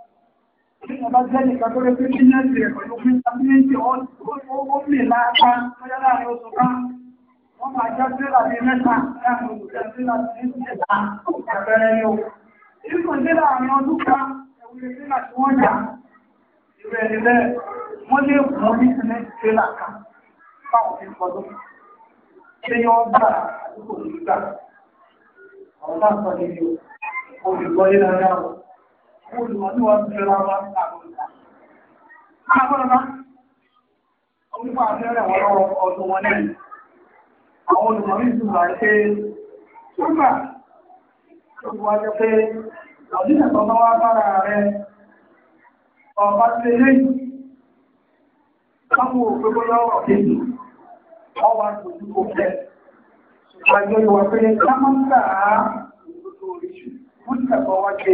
[SPEAKER 1] Ìjọba jẹ́ nìkan tó rẹ̀ pé kí ní ẹ̀sìn ẹ̀kọ́ ló fi ń ta méjì ó lè láàpá lọ́yọ́ láàrin oṣù kan. Wọ́n máa jẹ́ sílà ní mẹ́ta láàrin oṣù kan sílà ní Àwọn olùwọ́dúnwọ́ ti fẹ́ra wọn láti àgbọ̀dọ̀ta. Àgbọ̀dọ̀ta, olùkọ́ àfẹ́rẹ̀ wọn lọ́wọ́ ọdún wọn lẹ́yìn. Àwọn olùmọ̀rí ti wà pé ṣúgbà olùwọ́ jẹ́ pé ọdún ẹ̀tọ́ bá wá bára rẹ̀ ọba ti lé lẹ́yìn. Káwọn òpépé lọ́rọ̀ kejì, wọ́n wá lójú kò fẹ́. Àjọ ìwà pé ká ń gbà ìgbàgbọ́ wá gbé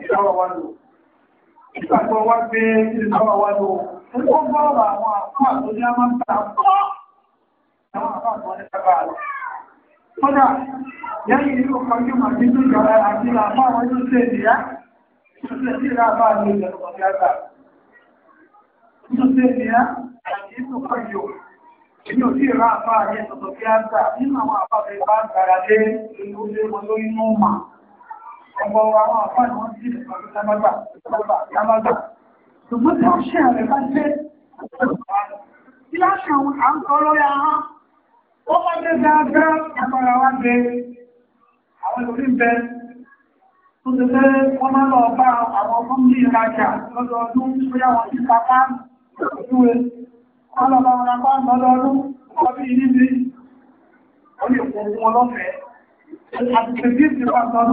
[SPEAKER 1] ìṣọ́rọ̀ wá lò ìgbàgbọ́ wá gbé ìṣọ́rọ̀ wá lò ó gbọ́rọ̀ àwọn àpá tó ní a máa ń ta pọ́ àwọn àpá tó ní sábà lọ kódà lẹ́yìn ìlú kọjú màbí tó jọra àti àpá àwọn tó ṣe ìyá tó ṣe ìyá bá lè jẹ́ ọ̀gá àgbà tó ṣe ìyá àti ìlú kọjú Èmi ò sí ìrá àpá àyẹ́ tọ̀tọ̀ kí á gbà nínú àwọn àpá bẹ̀rẹ̀ bá gbàrà lé ìlú ilé wọn lórí mọ́ màá ọ̀gọ̀ọ̀rọ̀ àwọn àpá wọ́n ti lè pàdé támágbà támágbà ṣùgbọ́n tí wọ́n ṣe àrẹ bá dé tí wọ́n àwọn à ń sọ lórí ahọ́n ó bá dé dáadáa wá dé àwọn ìlú bẹ tó ti fẹ́ wọ́n máa lọ bá àwọn ọmọ ní ìrajà lọ́dọọdún bóyá wọn wọn lọ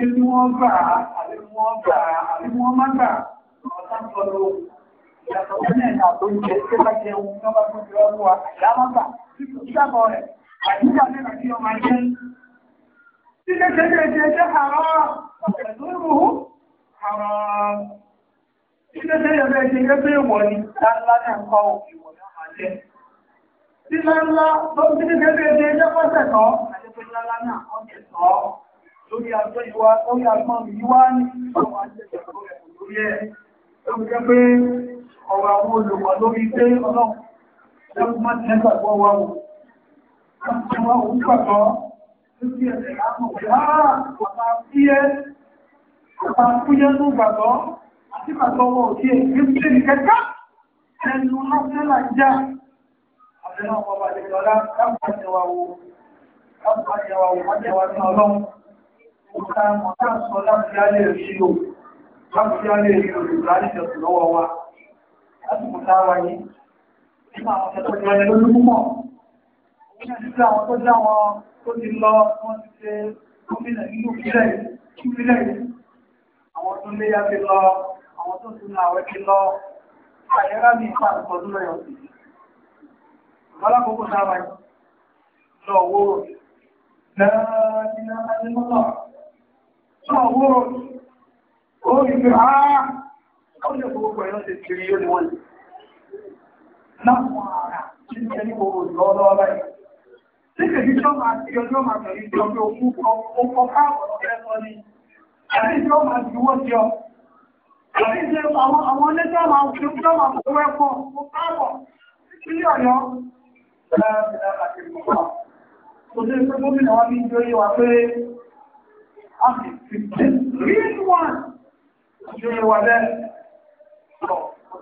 [SPEAKER 1] ṣe ni wọ́n gbà á àbí wọ́n gbà á àbí wọ́n má gbà á ọ̀tá ń sọ lóhùn. ìyàtọ̀ sẹ́yìn ẹ̀ka tó ń jẹ ṣé bá jẹun ní ọba tó ti rọ́ọ̀mù wa àyà má gbà ìjàbọ̀ rẹ̀ àyíká lẹ́nu tí ọmọ ayé ń. Sílé ṣẹlẹ̀ ṣe ṣe àrọ́ pẹ̀lú ìrùhù àrọ́. Sílé ṣẹlẹ̀ ṣe ṣe ṣe pé ìwọ̀ ni láńlá náà ń kọ́ òkè ìwọ̀ náà máa jẹ́. Sílá ńlá tó ń sílé ṣẹlẹ̀ ṣe ṣe lórí agbọ́n ìwà lórí agbọ́n ìwà ní àwọn ajẹ́jẹ́ lórí ẹ̀. Ó jẹ́ pé ọ̀rọ̀ àwọn olùkọ́ lórí pé ọlọ́run lẹ́rù máa ti ẹgbà gbọ́ wa wò. Láti wá òun pàtó lórí ẹ̀sẹ̀ láàmú àpá fúyẹ́ àpá fúyẹ́ ní ìgbàgbọ́ àti pàtó ọwọ́ òkè èyí tí èyí kẹta ẹnu lọ́sẹ̀ là ń já. Àbẹ̀rẹ̀ ọmọ bàbá àdìgbọ́lá káàkiri wa wò káàkiri wa wò wọ́n jẹ́ wa ní ọlọ́run ọ̀tá ọ̀tá sọ láti alẹ́ ìṣirò láti alẹ́ ìṣirò ìgbàlẹ́ ìjọsìn lọ́wọ́ wa láti mú tá a wáyé nínú àwọn ọ̀tẹ̀tọ̀ ìwà ẹ̀ lójú púpọ̀ ní ẹ̀sìn àwọn tó já wọn tó ti lọ wọ́n ti ṣe gómìnà nínú ìpínlẹ̀ ìpínlẹ̀ àwọn tó léyà ti lọ àwọn tó ti nà àwẹ́ ti lọ àyẹ́rá ní ipa ìtọ́jú lọ́yọ̀ ọwọ́ orí fi ha ó lè gbogbo ẹ̀yọ́ ti kiri yóò ní wọ́n láwọn ara tí ń tẹ́ ní gbogbo lọ́wọ́lọ́wọ́ báyìí tí kèjì tó máa ti ọjọ́ máa tẹ̀lé jọ bí ogún ọkọ̀ káwọn ọ̀rẹ́ sọ ni àti tí ó máa ti wọ́n jọ àti tí àwọn oníjọ́ máa fi ọjọ́ máa fi wẹ́ pọ̀ ó káàbọ̀ sí ọ̀yọ́ Tó ṣe pé gómìnà wa ní ìjọ yé wa pé àti ah, fifteen real tó burú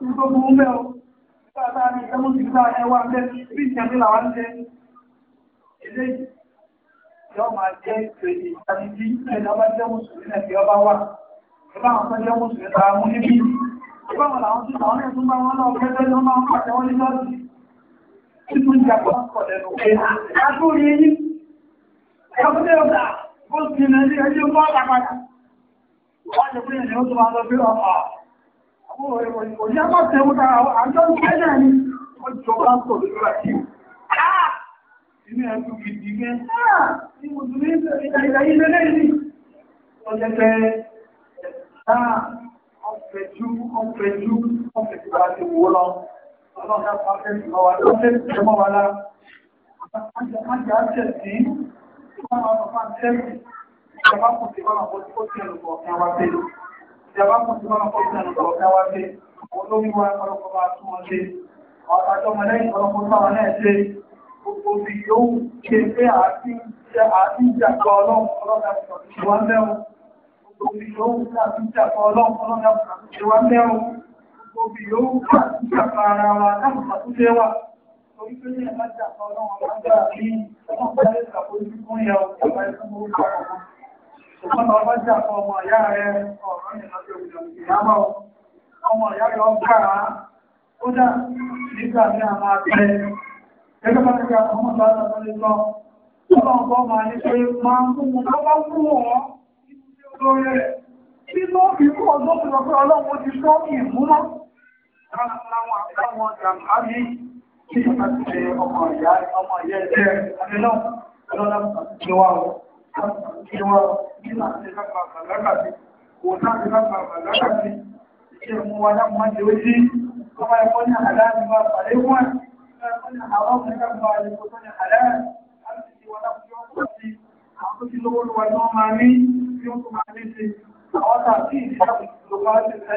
[SPEAKER 1] bẹ́ẹ̀ o nígbà tá a ní ìtẹ́mú ti gbà ẹ wá bẹ́ẹ̀ bí ìjẹ́bí làwọn ṣe eléyìí yóò máa jẹ́ ìpèsè àti bí ẹ̀dá bá jẹ́ mùsùlùmí náà fi ọba wà ìbá àwọn tó jẹ́ mùsùlùmí tàà mú níbí ó ti nà ní ẹjọ́ bọ́ wọ́n ti pín ìrìn ó tó máa lọ bí ọ̀pá òjá bá tẹ̀wọ́ tara àjọ ni wọ́n jọ bá ń pọ̀ lójú àti inú ẹ̀kú gidi gẹ́ ní mùsùlùmí ìdáyé lẹ́lẹ́yìn ọjọ́ pé náà ọ̀fẹ̀jú ọ̀fẹ̀jú ọ̀fẹ̀jú bá ti wó lọ ọlọ́run ká pàṣẹ ìmọ̀ wa lọ́fẹ̀ẹ́ ìjọba wa wọn máa sọ fún àtẹ́lù ìjọba kò sí bọ́lá kó tó ti ẹnu bọ̀ ọ̀kan wá sí ìjọba kò sí bọ́lá kó tó ẹnu bọ̀ ọ̀kan wá sí olórí wa ọlọ́kọ̀ máa tún wọn ṣe ọ̀tà tó mọ lẹ́yìn ọlọ́kọ̀ táwọn náà ṣe gbogbo bí yóò ṣe pé àti ìjàgbọ́ ọlọ́run ọlọ́run àti wọn mẹ́rún gbogbo bí yóò ṣe àti ìjàgbọ́ ọlọ́run torí pé ní ẹ̀ka jà sọ ọlọ́run ọba àwọn àwọn ọmọ kí ló máa ṣe ọmọ ìyá ọmọ ìyá ẹgbẹ́ ẹ̀rọ ọlọ́lá ṣe wá o ṣe wá o kí ló ṣe lápá bàlágà sí kò láti lápá bàlágà sí iṣẹ́ mú wa lápá ṣe ó sí ọmọ ẹ̀kọ́ ní àlá ni wà pàdé wọn ẹ̀kọ́ ní àwọn ọmọ ẹ̀kọ́ ní àlẹ́ kò tó ní àlẹ́ láti ṣe wọn lápá yóò pọ̀ sí àwọn tó ti lówó lówó ni wọ́n máa ní yóò tó máa ní sí àwọn tàbí ìdílé àwọn ìṣòro bá ṣe fẹ́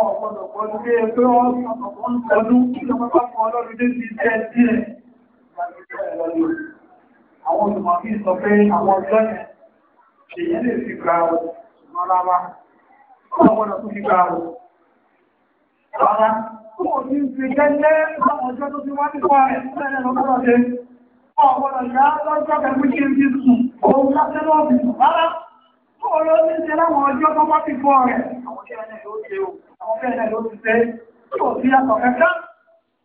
[SPEAKER 1] ọ̀pọ̀lọpọ̀ pẹ̀lú pé pé wọ́n ń tọ́lú ìjọba bá fún ọlọ́run dé sí iṣẹ́ díẹ̀ àwọn olùmọ̀ bí sọ pé àwọn ọjọ́ yẹn èyí lè fi gba ọ̀rọ̀ rárá ọ̀pọ̀lọpọ̀ tó fi gba ọ̀rọ̀ rárá tó ti ń fi gẹ́gẹ́ láwọn ọjọ́ tó ti wá nípa ẹ̀ sílẹ̀ lọ́pọ̀lọpọ̀ ṣe ọ̀pọ̀lọpọ̀ ìyá lọ́jọ́ kẹ́kẹ́ kí ti fọ́ rẹ̀ bẹ́ẹ̀ náà ló ṣe o àwọn bẹ́ẹ̀ náà ló ti ṣe kò sí yàtọ̀ kẹta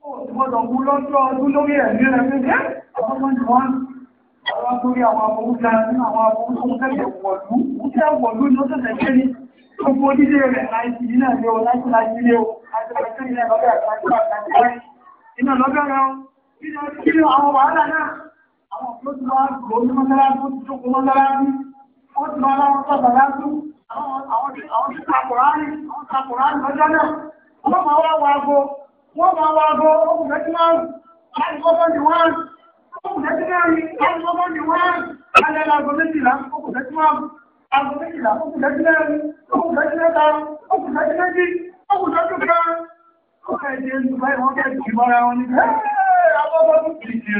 [SPEAKER 1] kò sí gbọ́dọ̀ wú lọ́jọ́ ọdún lórí ẹ̀mí rẹ̀ pé ẹ́ àwọn ọmọ ìlú wọn àwọn torí àwọn amòúta nínú àwọn amòúta tó tẹ̀lé wọ̀lú wúdí àwọ̀lú ni ó tẹ̀lé ṣe ní gbogbo onílé rẹ̀ láìsí ilé ẹ̀lẹ́ o láìsí láìsí ilé o àti ọ̀rẹ́sẹ̀ ilé lọ́gbẹ̀ àti àti iná lọ́gbẹ̀ rẹ̀ o kí ni àwọn wàhálà náà àwọn tó ti wá gbòó ní mọ́sálásí ó ti jókòó mọ́sálásí ó ti máa láwọn sábà lásán àwọn takùránì àwọn takùránì lọ́jọ́ náà wọ́n máa wá wago wọ́n máa wago okùn mẹ́tí márùn-ún láti kọ́kọ́ ní wọ́n okùn mẹ́tí mẹ́rin láti kọ́kọ́ ní wọ́n alẹ́ láago méjìlá okùn mẹ́tí márùn-ún láago méjìlá okùn mẹ́tí mẹ́rin okùn mẹ́tí mẹ́ta okùn mẹ́tí méjì okùn mẹ́tí mẹ́ta ọkọ̀ ẹ̀jẹ̀ ìdùbá ìwọ́n kẹ́ ìgbìmọ̀ra wọn ní ẹ̀ẹ́ àwọn ọmọ tó kìí kìí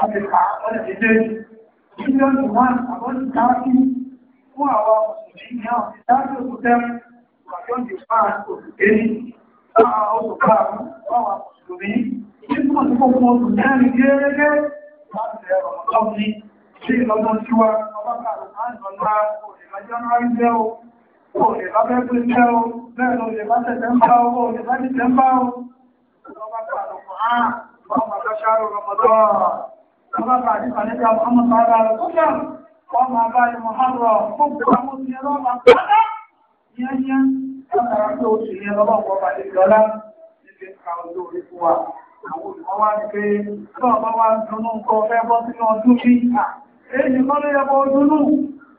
[SPEAKER 1] àti kà ọ̀nà ìdéjì mílíọ̀nù wọn àbọ̀dù káàkiri fún àwọn mùsùlùmí ní àwọn ìdájọ́ tó tẹ́mù àjọ́jì fáà oṣù kéjì láwọn oṣù káàkiri fún àwọn mùsùlùmí nígbà tí kò fún oṣù mẹ́rin gẹ́gẹ́ láti rẹ̀ ọ̀mọ̀lọ́mí sí ìlọ́dún síwá ọlọ́kàrùn-ún máa ń lọ́nà òṣèlú Bàbá bàbá ìpàdébí àwọn ọmọ bàbá rẹ̀ tó yà wọ́n máa bá ìmọ̀ àrọ̀ fún àwọn òṣìṣẹ́ lọ́wọ́ pátá yẹ́nyẹ́ látara pé oṣù yẹn lọ́wọ́ pọ̀ bàbá ìjọlá níbi ka ojú orí fún wa. Àwọn olùkọ́ wá ní pé lọ́wọ́ bá wá dùnú nǹkan fẹ́ bọ́ sínú ọdún bí ìhà. Èyí kọ́ ló yẹ bọ́ dúnú,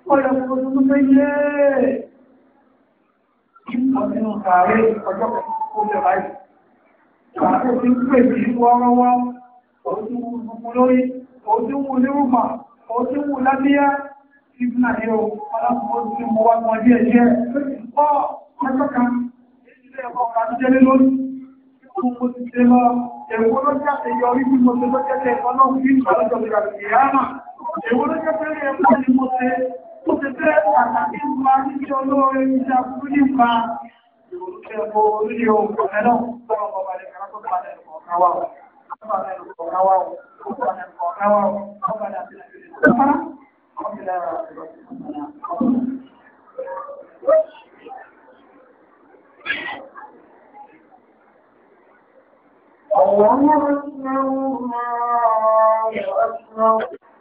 [SPEAKER 1] ó yẹ kó dúnú pé yé. Ìpàdínú sàárè ọjọ́ kẹ̀kẹ́ kó bẹ̀ báyìí. Sàárè ti ń pè mí wọ́rọ́wọ́, òun ti wù òtí wù lérúmà òtí wù lábíyá ìgbìnà yóò alákòókò tí mo wá mọ̀ díẹ̀ díẹ̀ ọ́ mẹ́tọ́ kan ilé ẹ̀kọ́ kan ti jẹ́lé lónìí fún mo ti ṣe lọ èwo ló jáde yọrí bí mo ṣe ló jẹ́lé ẹ̀kọ́ náà fi ń sọ̀rọ̀ jọ ni mo ṣe mo ṣe fẹ́ àtàkì ń pa níbi olóore iṣẹ́ àbúrú ní pa ìrònú ṣe ẹ̀kọ́ orí ohun ọ̀fẹ́ الله أكبر الله
[SPEAKER 2] أكبر